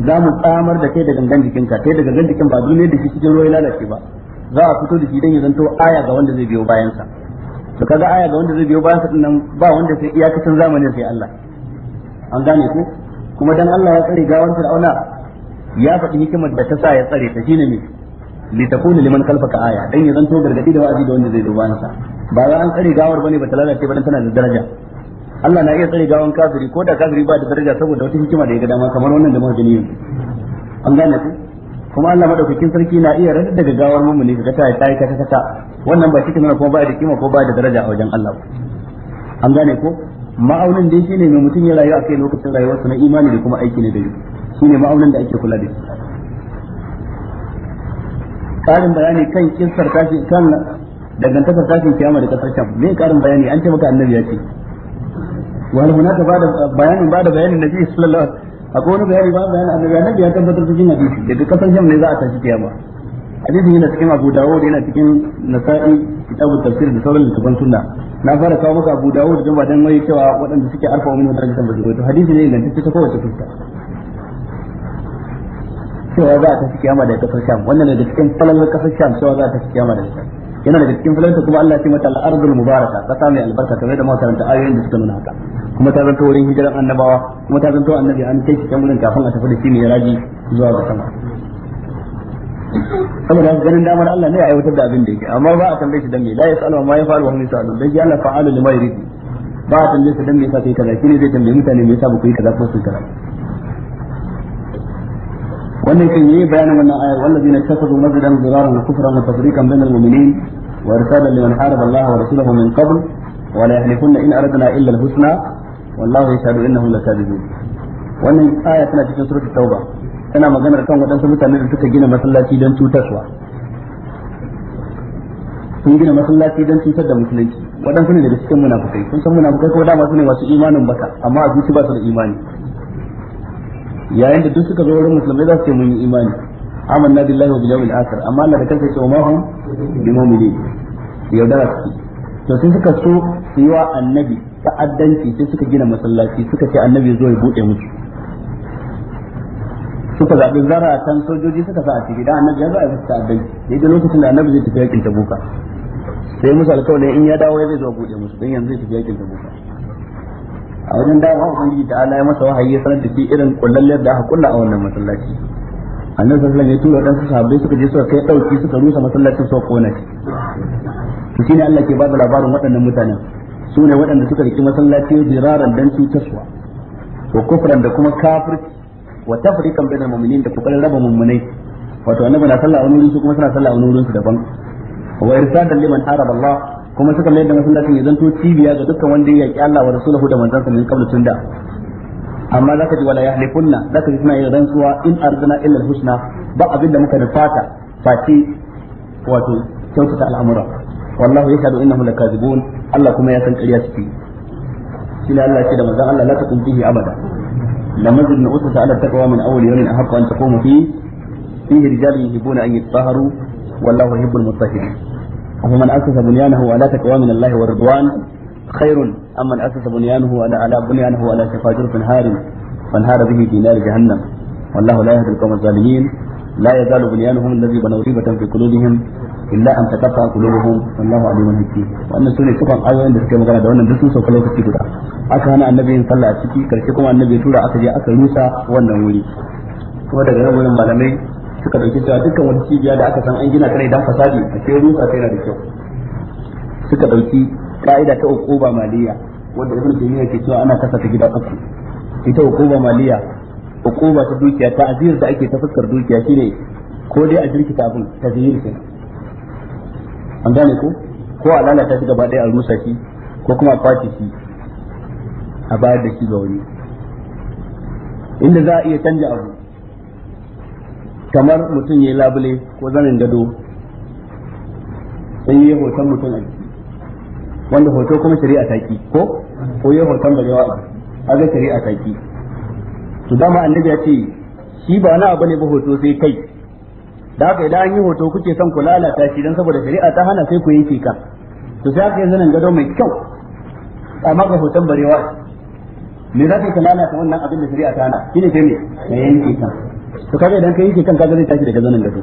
za mu tsamar da kai da gangan jikinka kai da gangan jikin ba duniya da shi cikin ruwa lalace ba za a fito da shi dan ya zanto aya ga wanda zai biyo bayansa to kaga aya ga wanda zai biyo bayansa din nan ba wanda sai iyakacin zamanin sai Allah an gane ku? kuma dan Allah ya tsare gawar Fir'auna ya faɗi hikimar da ta sa ya tsare ta shine ne li takuna liman khalfaka aya dan ya zanto gargadi da wa'azi da wanda zai duba sa ba za an tsare gawar bane ba ta lalace ba dan tana da daraja Allah na iya tsare gawan kafiri ko da kafiri ba da daraja saboda wata hikima da ya ga dama kamar wannan da mahajini an gane ku kuma Allah madaukakin sarki na iya radar daga gawar mummuni ka ta ta ta ta wannan ba cikin nan kuma ba da kima ko ba da daraja a wajen Allah an gane ko ma'aunin da shine mai mutum ya rayu a kai lokacin rayuwarsa na imani da kuma aiki na dare shine ma'aunin da ake kula da shi karin bayani kan kissar tashi kan dangantakar tashin kiyama da kasar sham me karin bayani an ce maka annabi ya ce wa hunaka ba da bayanin ba da bayanin nabi sallallahu alaihi wasallam akwai wani bayani ba bayanin annabi annabi ya tabbatar cikin hadisi daga kasar sham ne za a tashi kiyama hadisin yana cikin Abu Dawud yana cikin Nasa'i kitabu tafsir da sauran littafan sunna na fara kawo maka Abu Dawud don ba dan mai cewa waɗanda suke arfa wa min hadisan ba to hadisi ne ingantacce ta kowace fuska cewa za a tafi kiyama da kasar sham wannan ne da cikin falalar kasar sham cewa za a tafi kiyama da kasar yana da cikin falalar kuma Allah ya ce mata al-ardul mubaraka kasa mai albarka kamar da ayoyin da suka nuna haka kuma ta zanto wurin hijiran annabawa kuma ta zanto annabi an kai shi kan wurin kafin a tafi da shi mai raji zuwa ga sama ganin damar Allah ne ya aiwatar da abin da yake amma ba a tambaye shi dan me la yasalu ma yafalu wa Allah fa'alu ba a tambaye shi dan me yasa kaza zai tambaye mutane me yasa ba ku yi kaza ko sun kaza wannan kan yi bayanin wannan ayar wallazina takhadhu masjidan diraran wa kufran wa tafriqan bainal mu'minin wa irsadan liman haraba Allah wa rasulahu min qabl wa la yahlifunna in aradna illa al-husna wallahu yashhadu innahum lakadibun wannan aya tana cikin suratul tauba tana maganar kan waɗansu mutane da suka gina masallaci don cutarwa sun gina masallaci don cutar da musulunci waɗansu ne daga cikin munafukai sun san munafukai ko da su ne masu imanin baka amma a zuci ba su da imani yayin da duk suka zo wurin musulmai za su ce mun yi imani amanna billahi wa bil yawmil akhir amma Allah da kansa ce ma hum bi mu'minin yaudara su to sai suka so su yi wa annabi ta'addanci sai suka gina masallaci suka ce annabi zo ya bude musu suka zaɓi can sojoji suka sa a ciki da annabi ya zo a yi ta'addanci da lokacin da annabi zai tafi yakin tabuka sai musu alƙawarin in ya dawo ya zai zo bude musu dan yanzu zai tafi yakin tabuka a wajen dawowa ubangiji ta ala ya masa wahayi ya sanar da shi irin kullallar da aka kulla a wannan masallaci annabi sallallahu alaihi wasallam ya tura wadansu sahabbai suka je suka kai dauki suka rusa masallacin su kona shi to shine Allah ke bada labarin waɗannan mutanen su ne waɗanda suka riki masallaci diraran dan cutarwa wa kufran da kuma kafirci wa tafriqan bainal mu'minin da kokarin raba mummunai wato annabi na sallah a wani wurin su kuma suna sallah a wurin su daban wa irsadan liman araba Allah kuma suka mayar da masallacin ya zanto cibiya ga dukkan wanda ya yaki Allah wa rasulahu da manzansa min qablu tunda amma zaka ji wala yahlifunna zaka ji suna yin rantsuwa in arzana illa husna ba abinda muka nufata face wato kyautata al'amura wallahu yashhadu innahum lakazibun Allah kuma ya san ƙarya suke shi ne Allah ya ce da manzon Allah la takun fihi abada lamazin usata ala taqwa min awwal yawmin ahqqa an taqumu fihi fihi rijalun yuhibbuna an yatahharu wallahu yuhibbul mutahhirin ومن أسس بنيانه على تقوى من الله والرضوان خير أم من أسس بنيانه على على بنيانه على شفا جرف هار فانهار به في نار جهنم والله لا يهدي القوم الظالمين لا يزال بنيانهم الذي بنوا ريبة في قلوبهم إلا أن تقطع قلوبهم والله عليم حكيم وأن سورة سبع آيوين da suke magana da wannan duk sun sauka lokaci guda aka hana annabi yin sallah a ciki karshe kuma annabi tura aka je aka rusa wannan wuri kuma daga nan wurin malamai suka dauki cewa dukkan wani cibiya da aka san an gina ta ne dan fasadi a cikin rusa ta yana da kyau suka dauki ka'ida ta uquba maliya wanda ibn jami'a ke cewa ana kasa ta gida uku ita uquba maliya uquba ta dukiya ta azir da ake ta fuskar dukiya shine ko dai a ta abin ta zahiri kenan an gane ko ko a lalata shi gaba ɗaya a rusa shi ko kuma a kwace shi a bayar da shi ga wani inda za a iya canja abu kamar mutum ya yi labule ko zanen gado sai yi hoton mutum a jiki wanda hoto kuma shari'a ta ki ko ko yi hoton barewa a ga shari'a ta ki to dama annabi ya ce shi ba wani abu ne ba hoto sai kai da haka idan an yi hoto kuke son ku lalata shi dan saboda shari'a ta hana sai ku yanke ka to sai aka yi zanen gado mai kyau amma ga hoton barewa me za ka yi lalata wannan abin da shari'a ta hana shine sai me yanke ka to kaga idan kai yake kan kaga zai tashi daga da gado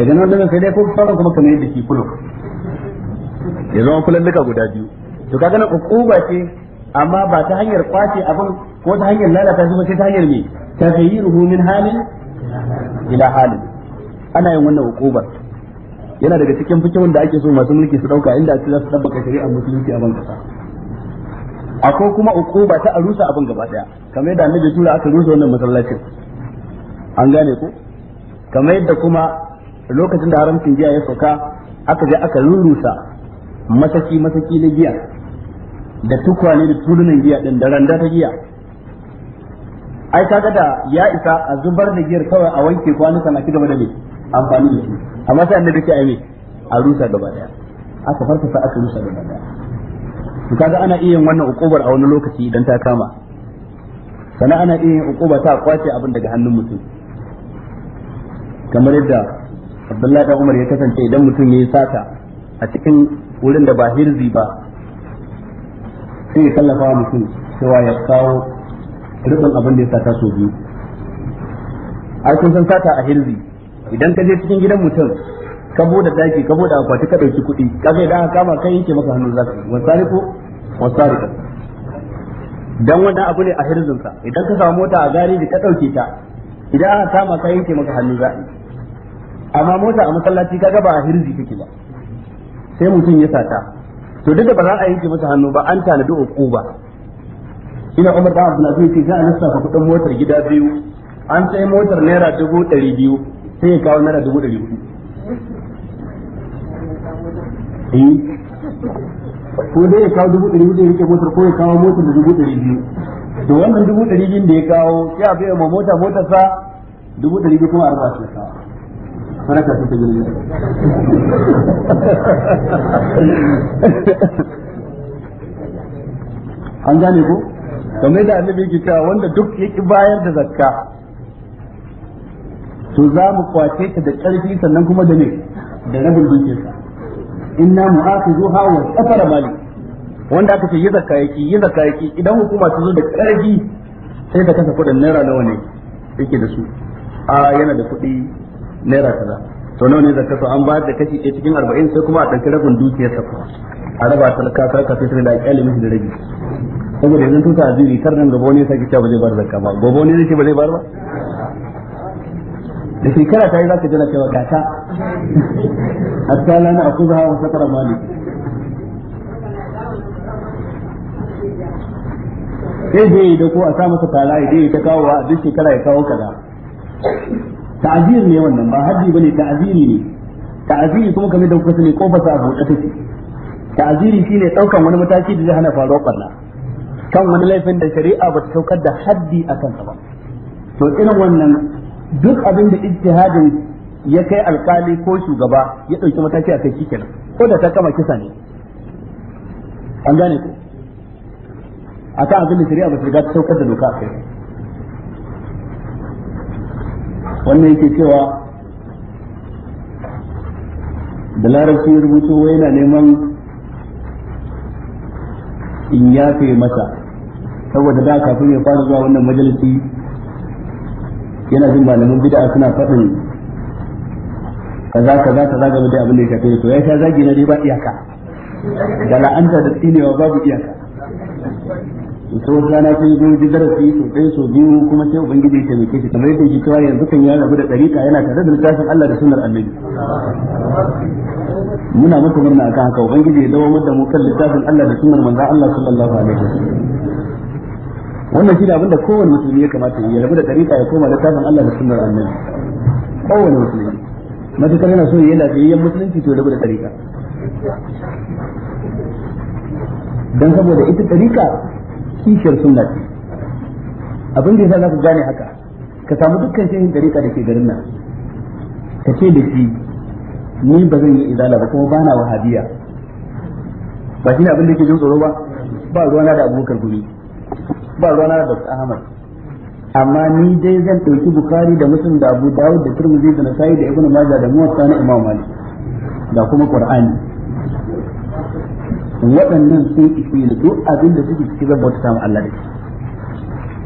daga nan nan sai dai ko fara kuma kamar yadda ki kulo ya zama kullun duka guda biyu to kaga nan ukuba ce amma ba ta hanyar kwace abin ko ta hanyar lalata shi ba sai ta hanyar me tafyiruhu min halin ila halin ana yin wannan ukubar yana daga cikin fikihun da ake so masu mulki su dauka inda ake za su tabbaka shari'ar musulunci a bankasa akwai kuma ukuba ta a rusa abin gaba daya kamar yadda annabi tura aka rusa wannan masallacin an gane ko kamar yadda kuma lokacin da haramcin giya ya sauka aka je aka rurrusa masaki masaki na giya da tukwane da tulunan giya din da randa ta giya ai kaga da ya isa a zubar da giyar kawai a wanke kwanukan a cigaba da me amfani da shi amma sai annabi ce ai me a rusa gaba daya aka farfasa aka rusa gaba daya to kaga ana iya yin wannan ukubar a wani lokaci idan ta kama sana ana iya yin ukuba ta kwace abin daga hannun mutum kamar yadda abdullahi da umar ya kasance idan mutum ya yi sata a cikin wurin da ba hirzi ba sai ya tallafa wa mutum cewa ya kawo rikon abin da ya sata so biyu ai kun san sata a hirzi idan ka je cikin gidan mutum ka bude daki ka bude akwati ka dauki kuɗi ka ga idan kama kai yake maka hannu zaka yi wasariku wasarika dan wannan abu ne a hirzinka idan ka samu mota a gari da ka dauke ta idan aka kama ka yanke maka hannu za a amma mota a masallaci kaga ba a hirzi kake ba sai mutum ya sata to duk da ba za a yanke maka hannu ba an tanadi uku ba ina Umar da Abdul Aziz ce za a lissafa kudin motar gida biyu an sai motar naira dubu ɗari biyu sai ya kawo naira dubu ɗari hudu eh. ko dai ya kawo dubu ɗari hudu ya rike motar ko ya kawo motar da dubu ɗari biyu to wannan dubu ɗari biyun da ya kawo sai a bai ma mota mota sa dubu ɗari biyu kuma a raba shi sa sadaka ta gina an gane ku? kamar da annabi yake cewa wanda duk yake bayar da zakka to za mu kwace ta da ƙarfi sannan kuma da ne da rabin dukiyarsa inna mu'akhidhuha wa safara mali wanda aka ce yi zakka yake yi zakka yake idan hukuma ta zo da karfi sai ta kasa kudin naira nawa ne yake da su a yana da kuɗi naira kaza to nawa ne zakka to an ba da kashi ɗaya cikin arba'in sai kuma a ɗauki rabin dukiyar sa a raba talaka ka ka sai da ƙyale mishi da rabi saboda yanzu tuta azuri kar nan gaba wani sai cewa ba zai bar zakka ba gobe wani zai ba zai bar ba da shekara ta yi za ka jana cewa gata <laughs> a tsala na akuzaha wa satara malik sai yi da ko a sa masa tara ya je ta kawo a duk shekara ya kawo kaza ta'azir ne wannan ba haji bane ta'aziri ne ta'aziri kuma kamar da kuka sani kofar sa abu take ta'aziri shine daukan wani mataki da zai hana faruwar barna kan wani laifin da shari'a ba ta saukar da haddi a kansa ba to irin wannan duk abin da ijtihadin ya kai alkali ko shugaba ya dauki mataki a kai shikenan ko da ta kama kisa ne an gane ku A kan abin da shari'a ba ta riga ta saukar da doka kai wannan yake cewa da larabci ya rubuto wai yana neman in yafe masa saboda da kafin ya fara zuwa wannan majalisi yana jin malamin bid'a suna faɗin kaza kaza kaza game da abin da ya shafe to ya sha zagi na dai ba iyaka da la'anta da tsinewa babu iyaka sau rana sun zo ji darasi sau ɗaya sau biyu kuma sai ubangiji ya taimake shi kamar yadda yake cewa yanzu kan ya rabu da dariƙa yana tare da littafin Allah da sunnar annabi muna maka murna akan haka ubangiji ya dawo da mu kan littafin Allah da sunnar manzon Allah sallallahu alaihi wasallam wannan shi da abinda kowanne musulmi ya kamata ya rabu da dariƙa ya koma littafin Allah da sunnar annabi kowanne musulmi matakar yana so ya yi lafiyayyen musulunci to rabu da dariƙa. dan saboda ita dariƙa. kishiyar sunna ce abin da yasa za ku gane haka ka samu dukkan shehin dariƙa da ke garin nan ka ce da shi ni ba zan yi izala ba kuma bana wahabiya ba shi ne abin da ke jin tsoro ba ba ruwana da abubakar guri ba ruwana da dr ahmad amma ni dai zan ɗauki bukari da musulun da abu dawud da turmuzi da nasayi da ibnu majah da muwatta na imam malik da kuma qur'ani waɗannan sun ishe ni duk abin da suke cikin zan bauta samu Allah da shi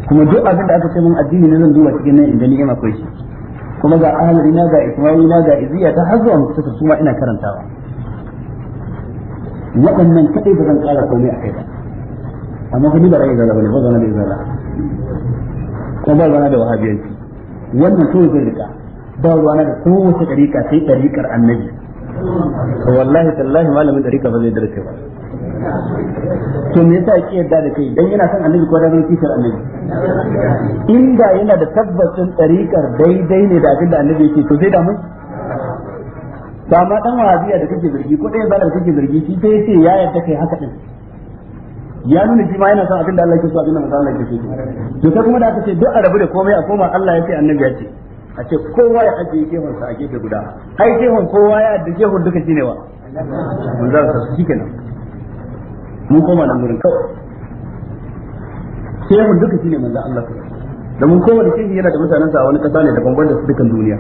kuma duk abin da aka ce mun addini na zan duba cikin nan inda ni'ima akwai shi kuma ga ahalari na ga ismaili na ga iziya ta har zuwa mutsaka su ma ina karantawa waɗannan kaɗai ba zan ƙara komai a kai ba amma fa ni ba ra'ayi zalla bane ba zana da zalla kuma ba zana da wahabiyanci wannan kawai zai rika ba ruwana da kowace ɗariƙa sai ɗariƙar annabi wallahi tallahi malamin ɗariƙa ba zai darce ba to me yasa yake yarda da kai dan yana son annabi ko dan zai kishar annabi inda yana da tabbacin tsarikar daidai ne da abin da annabi yake to zai damu ba ma dan wahabiya da kake zargi ko dai bala da kake zargi shi sai yace ya yarda kai haka din ya nuna shi ma yana son abin da Allah yake so abin da Allah yake so to sai kuma da aka ce duk a rabu da komai a koma Allah yake annabi ya a ce kowa ya aje yake hon sa a gefe guda ai gehon kowa ya da gehon duka shine wa manzo Allah shi kenan mun koma nan gurin kawai sai mun duka shine manzo Allah da mun koma da shi yana da mutanen sa a wani kasa ne da bangon da dukan duniya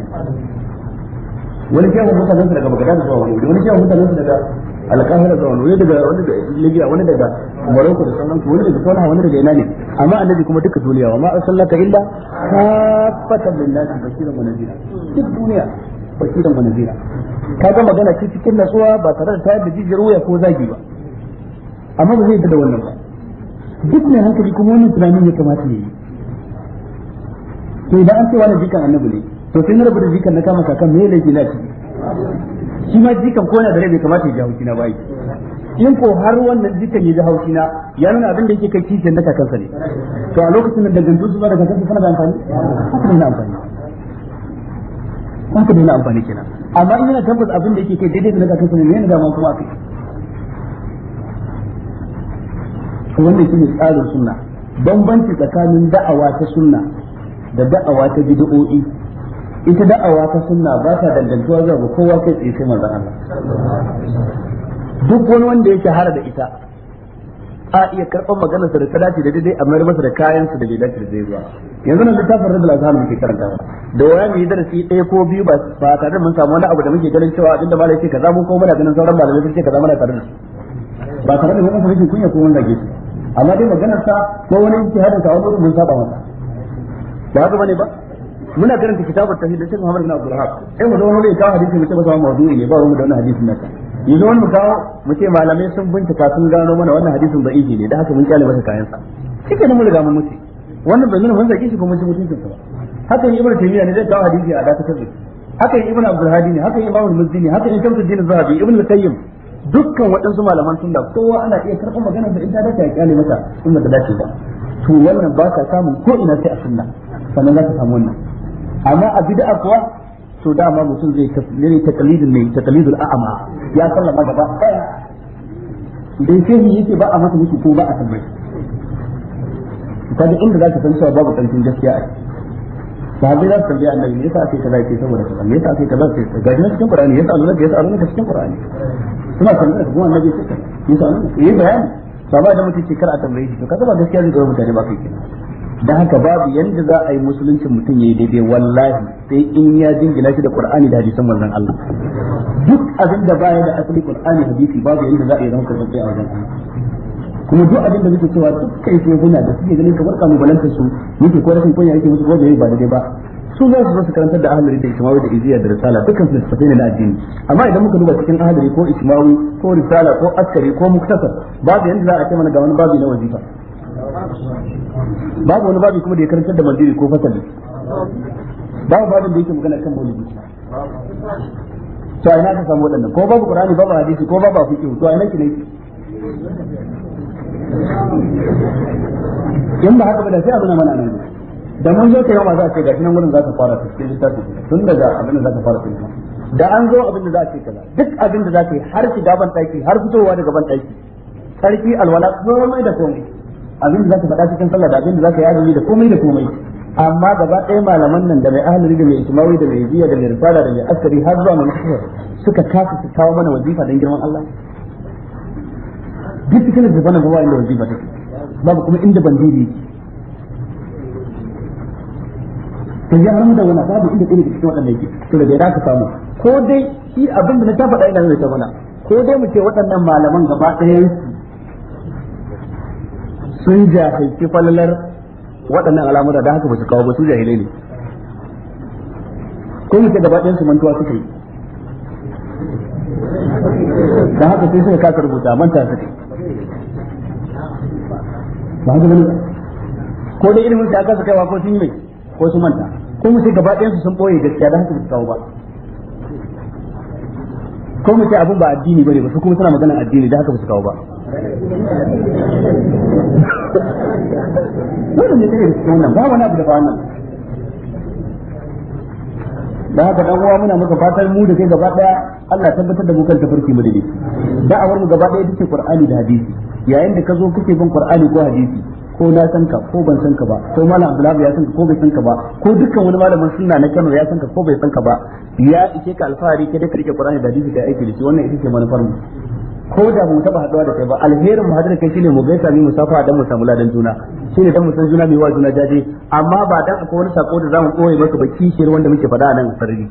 wani mun mutanen sa daga Baghdad zuwa wani wani mun mutanen sa daga alƙahira zuwa wani daga wani daga Libya wani daga Morocco da sauran wani daga Saudiya wani daga ina ne amma annabi kuma duka duniya wa ma sallaka illa kafatan linnas bashiran wa nadira duk duniya bashiran wa nadira kaga magana cikin nasuwa ba tare da tayar da jijiyar ko zagi ba amma ba zai da wannan ba duk mai hankali kuma wannan tunanin ya kamata ya yi to idan an ce wani jikan annabi ne to sai na rubuta jikan na kama kakan me laifi na ciki shi ma jikan ko yana da rai bai kamata ya ji haushi na bai in ko har wannan jikan ya ji haushi na ya nuna abin da yake kai kishin na sa ne to a lokacin da dangantu su ba da kakansa suna da amfani haka da amfani haka da amfani kenan amma in yana tabbas abin da yake kai daidai da na sa ne me yana da ma kuma akai to wannan ne tsarin sunna bambanci tsakanin da'awa ta sunna da da'awa ta bid'o'i ita da'awa ta sunna ba ta dangantuwa zuwa ga kowa kai tsaye sai manzon Allah duk wani wanda ya shahara da ita a iya karɓar maganar sa da ta dace da daidai a ya masa da kayan sa da bai dace da zai zuwa yanzu nan littafin radul azhar muke ba. da waya mu yi darasi ɗaya ko biyu ba ba tare da mun samu wani abu da muke ganin cewa abinda malai ce kaza mun kuma muna ganin sauran malamai sun ce kaza muna tare da su ba tare da mun san kunya ko mun ke su amma dai maganar sa ko wani hadin sa wani mun saba masa ba haka bane ba muna karanta kitabar tauhid da Sheikh Muhammad bin Abdul Wahhab sai mu zama wani ya kawo hadisi mu ce mu mawdu'i ne ba mu da wannan hadisin nan yanzu wani mu kawo mu ce malamai sun bincika sun gano mana wannan hadisin iji ne da haka mun kyale masa kayan sa kike da mun riga mun mutu wannan bai nuna mun zaki shi ko mun ci mutuncin sa ba haka ne ibnu taymiya ne zai kawo hadisi a dakatar da haka ibnu abdul hadi ne haka ibnu al-muzdi haka ne shamsuddin az-zahabi ibnu al-qayyim dukkan waɗansu malaman sunna kowa ana iya karɓar magana da ita dace ya kyale mata in da dace ba to wannan ba ka samun ko ina sai a sunna sannan za ka samu wannan amma a bid'a kuwa to dama mutum zai ne taqlidin ne taqlidul a'ma ya sallama gaba daya dai shehi yake ba a masa miki ko ba a tambaye kaga inda zaka san cewa babu kantin gaskiya a sahabbai za su tambaye annabi me yasa ake kaza yake saboda kaza me yasa ake kaza yake ga jinin cikin qur'ani yasa Allah ya sa ka cikin qur'ani suna tambayar kuma annabi ya ce yasa Allah yayi bayani sahaba da mutum ce kar a tambaye shi to kaza ba gaskiya zai ga mutane ba kai kenan dan haka babu yanda za a yi musuluncin mutum yayi daidai wallahi sai in ya jingina shi da qur'ani da hadisan manzon Allah duk abin da baya da asali qur'ani hadisi babu yanda za a yi zama karɓaɓɓe a wajen Allah kuma duk abin da muke cewa dukkan guna da suke ganin kamar kamu balanta su yake ko rashin kunya yake musu ko bai ba daidai ba su za su zo su karantar da ahlari da ishmawi da iziya da risala dukkan su littafai ne na addini amma idan muka duba cikin ahlari ko ishmawi ko risala ko askari ko muktasar babu yanda za a ce mana ga wani babu na wazifa babu wani babu kuma da ya karantar da mandiri ko fasali babu babin da yake magana kan maulidi to ina ka samu waɗannan ko babu qur'ani babu hadisi ko babu fiqh to ina ki ne in ba haka ba da sai abin mana nan da mun zo kai ma za a ce gashi nan wurin za ka fara cikin littafin tun daga abin da za ka fara cikin da an zo abin da za a ce kaza duk abin da za ka yi har shiga ban daki har fitowa daga ban daki sarki alwala komai da komai abin da za ka faɗa cikin sallah da abin da za ka yi azumi da komai da komai amma gaba ɗaya malaman nan da mai ahalari da mai ismawi da mai jiya da mai rifada da mai askari har zuwa mai suka kasa su kawo mana wajifa don girman Allah duk cikin littafin nan ba inda wazifa take babu kuma inda bandiri to ya haram da wani babu inda ɗaya cikin waɗanda yake to da bai ka samu ko dai shi abin da na ta faɗa ina zai ta mana ko dai mu ce waɗannan malaman gaba ɗaya sun jahilci falalar waɗannan al'amura da haka ba su kawo ba su jahilai ne ko mu ce gaba ɗayan su mantuwa suka yi da haka sai suka kasa rubuta manta suka yi ba haka bane ko dai ilimin da aka kaiwa ko sun yi ko sun manta ko mu ce gaba su sun boye gaskiya da haka su kawo ba ko mu ce abun ba addini bane ba su kuma suna magana addini da haka ba su kawo ba wannan ne kare cikin wannan ba wani abu da ba wannan da haka dan uwa muna maka fatan mu da kai gaba daya Allah tabbatar da mu kan tafarki mu da da'awar mu gaba daya take Qur'ani da hadisi yayin da ka zo kake bin qur'ani ko hadisi ko na san ka ko ban san ka ba ko malam abdullahi ya san ka ko bai san ka ba ko dukkan wani malamin sunna na Kano ya san ka ko bai san ka ba ya ike ka alfahari ke da ka rike qur'ani da hadisi da aiki da shi wannan ita ce manufar mu ko da mu taba haɗuwa da kai ba alherin mu hadirin kai shine mu gaisa mu musafa dan mu samu ladan juna shine dan mu san juna mai wa juna jaje amma ba dan akwai wani sako da zamu koyi maka ba kishiyar wanda muke fada nan sarari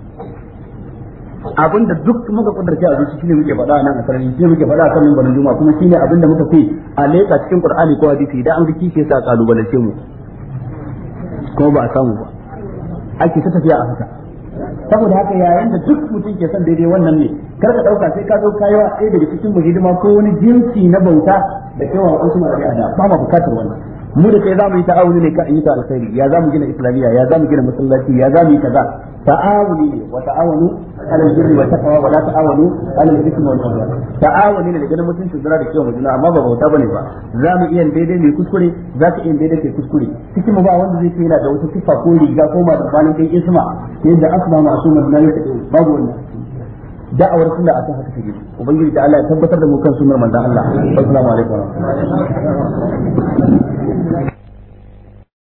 Abin da duk muka kudurce a zuci shine muke faɗa nan a sarari shine muke faɗa kan mimbarin juma'a kuma shine abinda muka fi a leka cikin qur'ani ko hadisi da an rikice kishi sa kalubalance mu kuma ba a samu ba ake ta tafiya a haka saboda haka yayin da duk mutum ke son daidai wannan ne kar ka dauka sai ka zo kayawa sai daga cikin mu hidima ko wani jinsi na bauta da kewa wasu marabi'a da ba ma bukatar wannan mu da kai zamu yi ta'awuni ne ka ayyuka alkhairi ya zamu gina islamiyya ya zamu gina masallaci ya zamu yi kaza ta'awuni wa ta'awunu ala al-birri wa taqwa wa la ta'awunu ala al-ithmi wal udwan ta'awuni ne ganin mutunci zura da kiyon juna a ba bauta bane ba za mu iya daidai mai kuskure za ka iya daidai kai kuskure cikin mu ba wanda zai ce yana da wata sifa ko riga ko ma da balin kai isma yadda asma ma'sumun la yaqdi babu wannan da'awar sunna akan haka Allah ya tabbatar da mu kan sunnar manzon Allah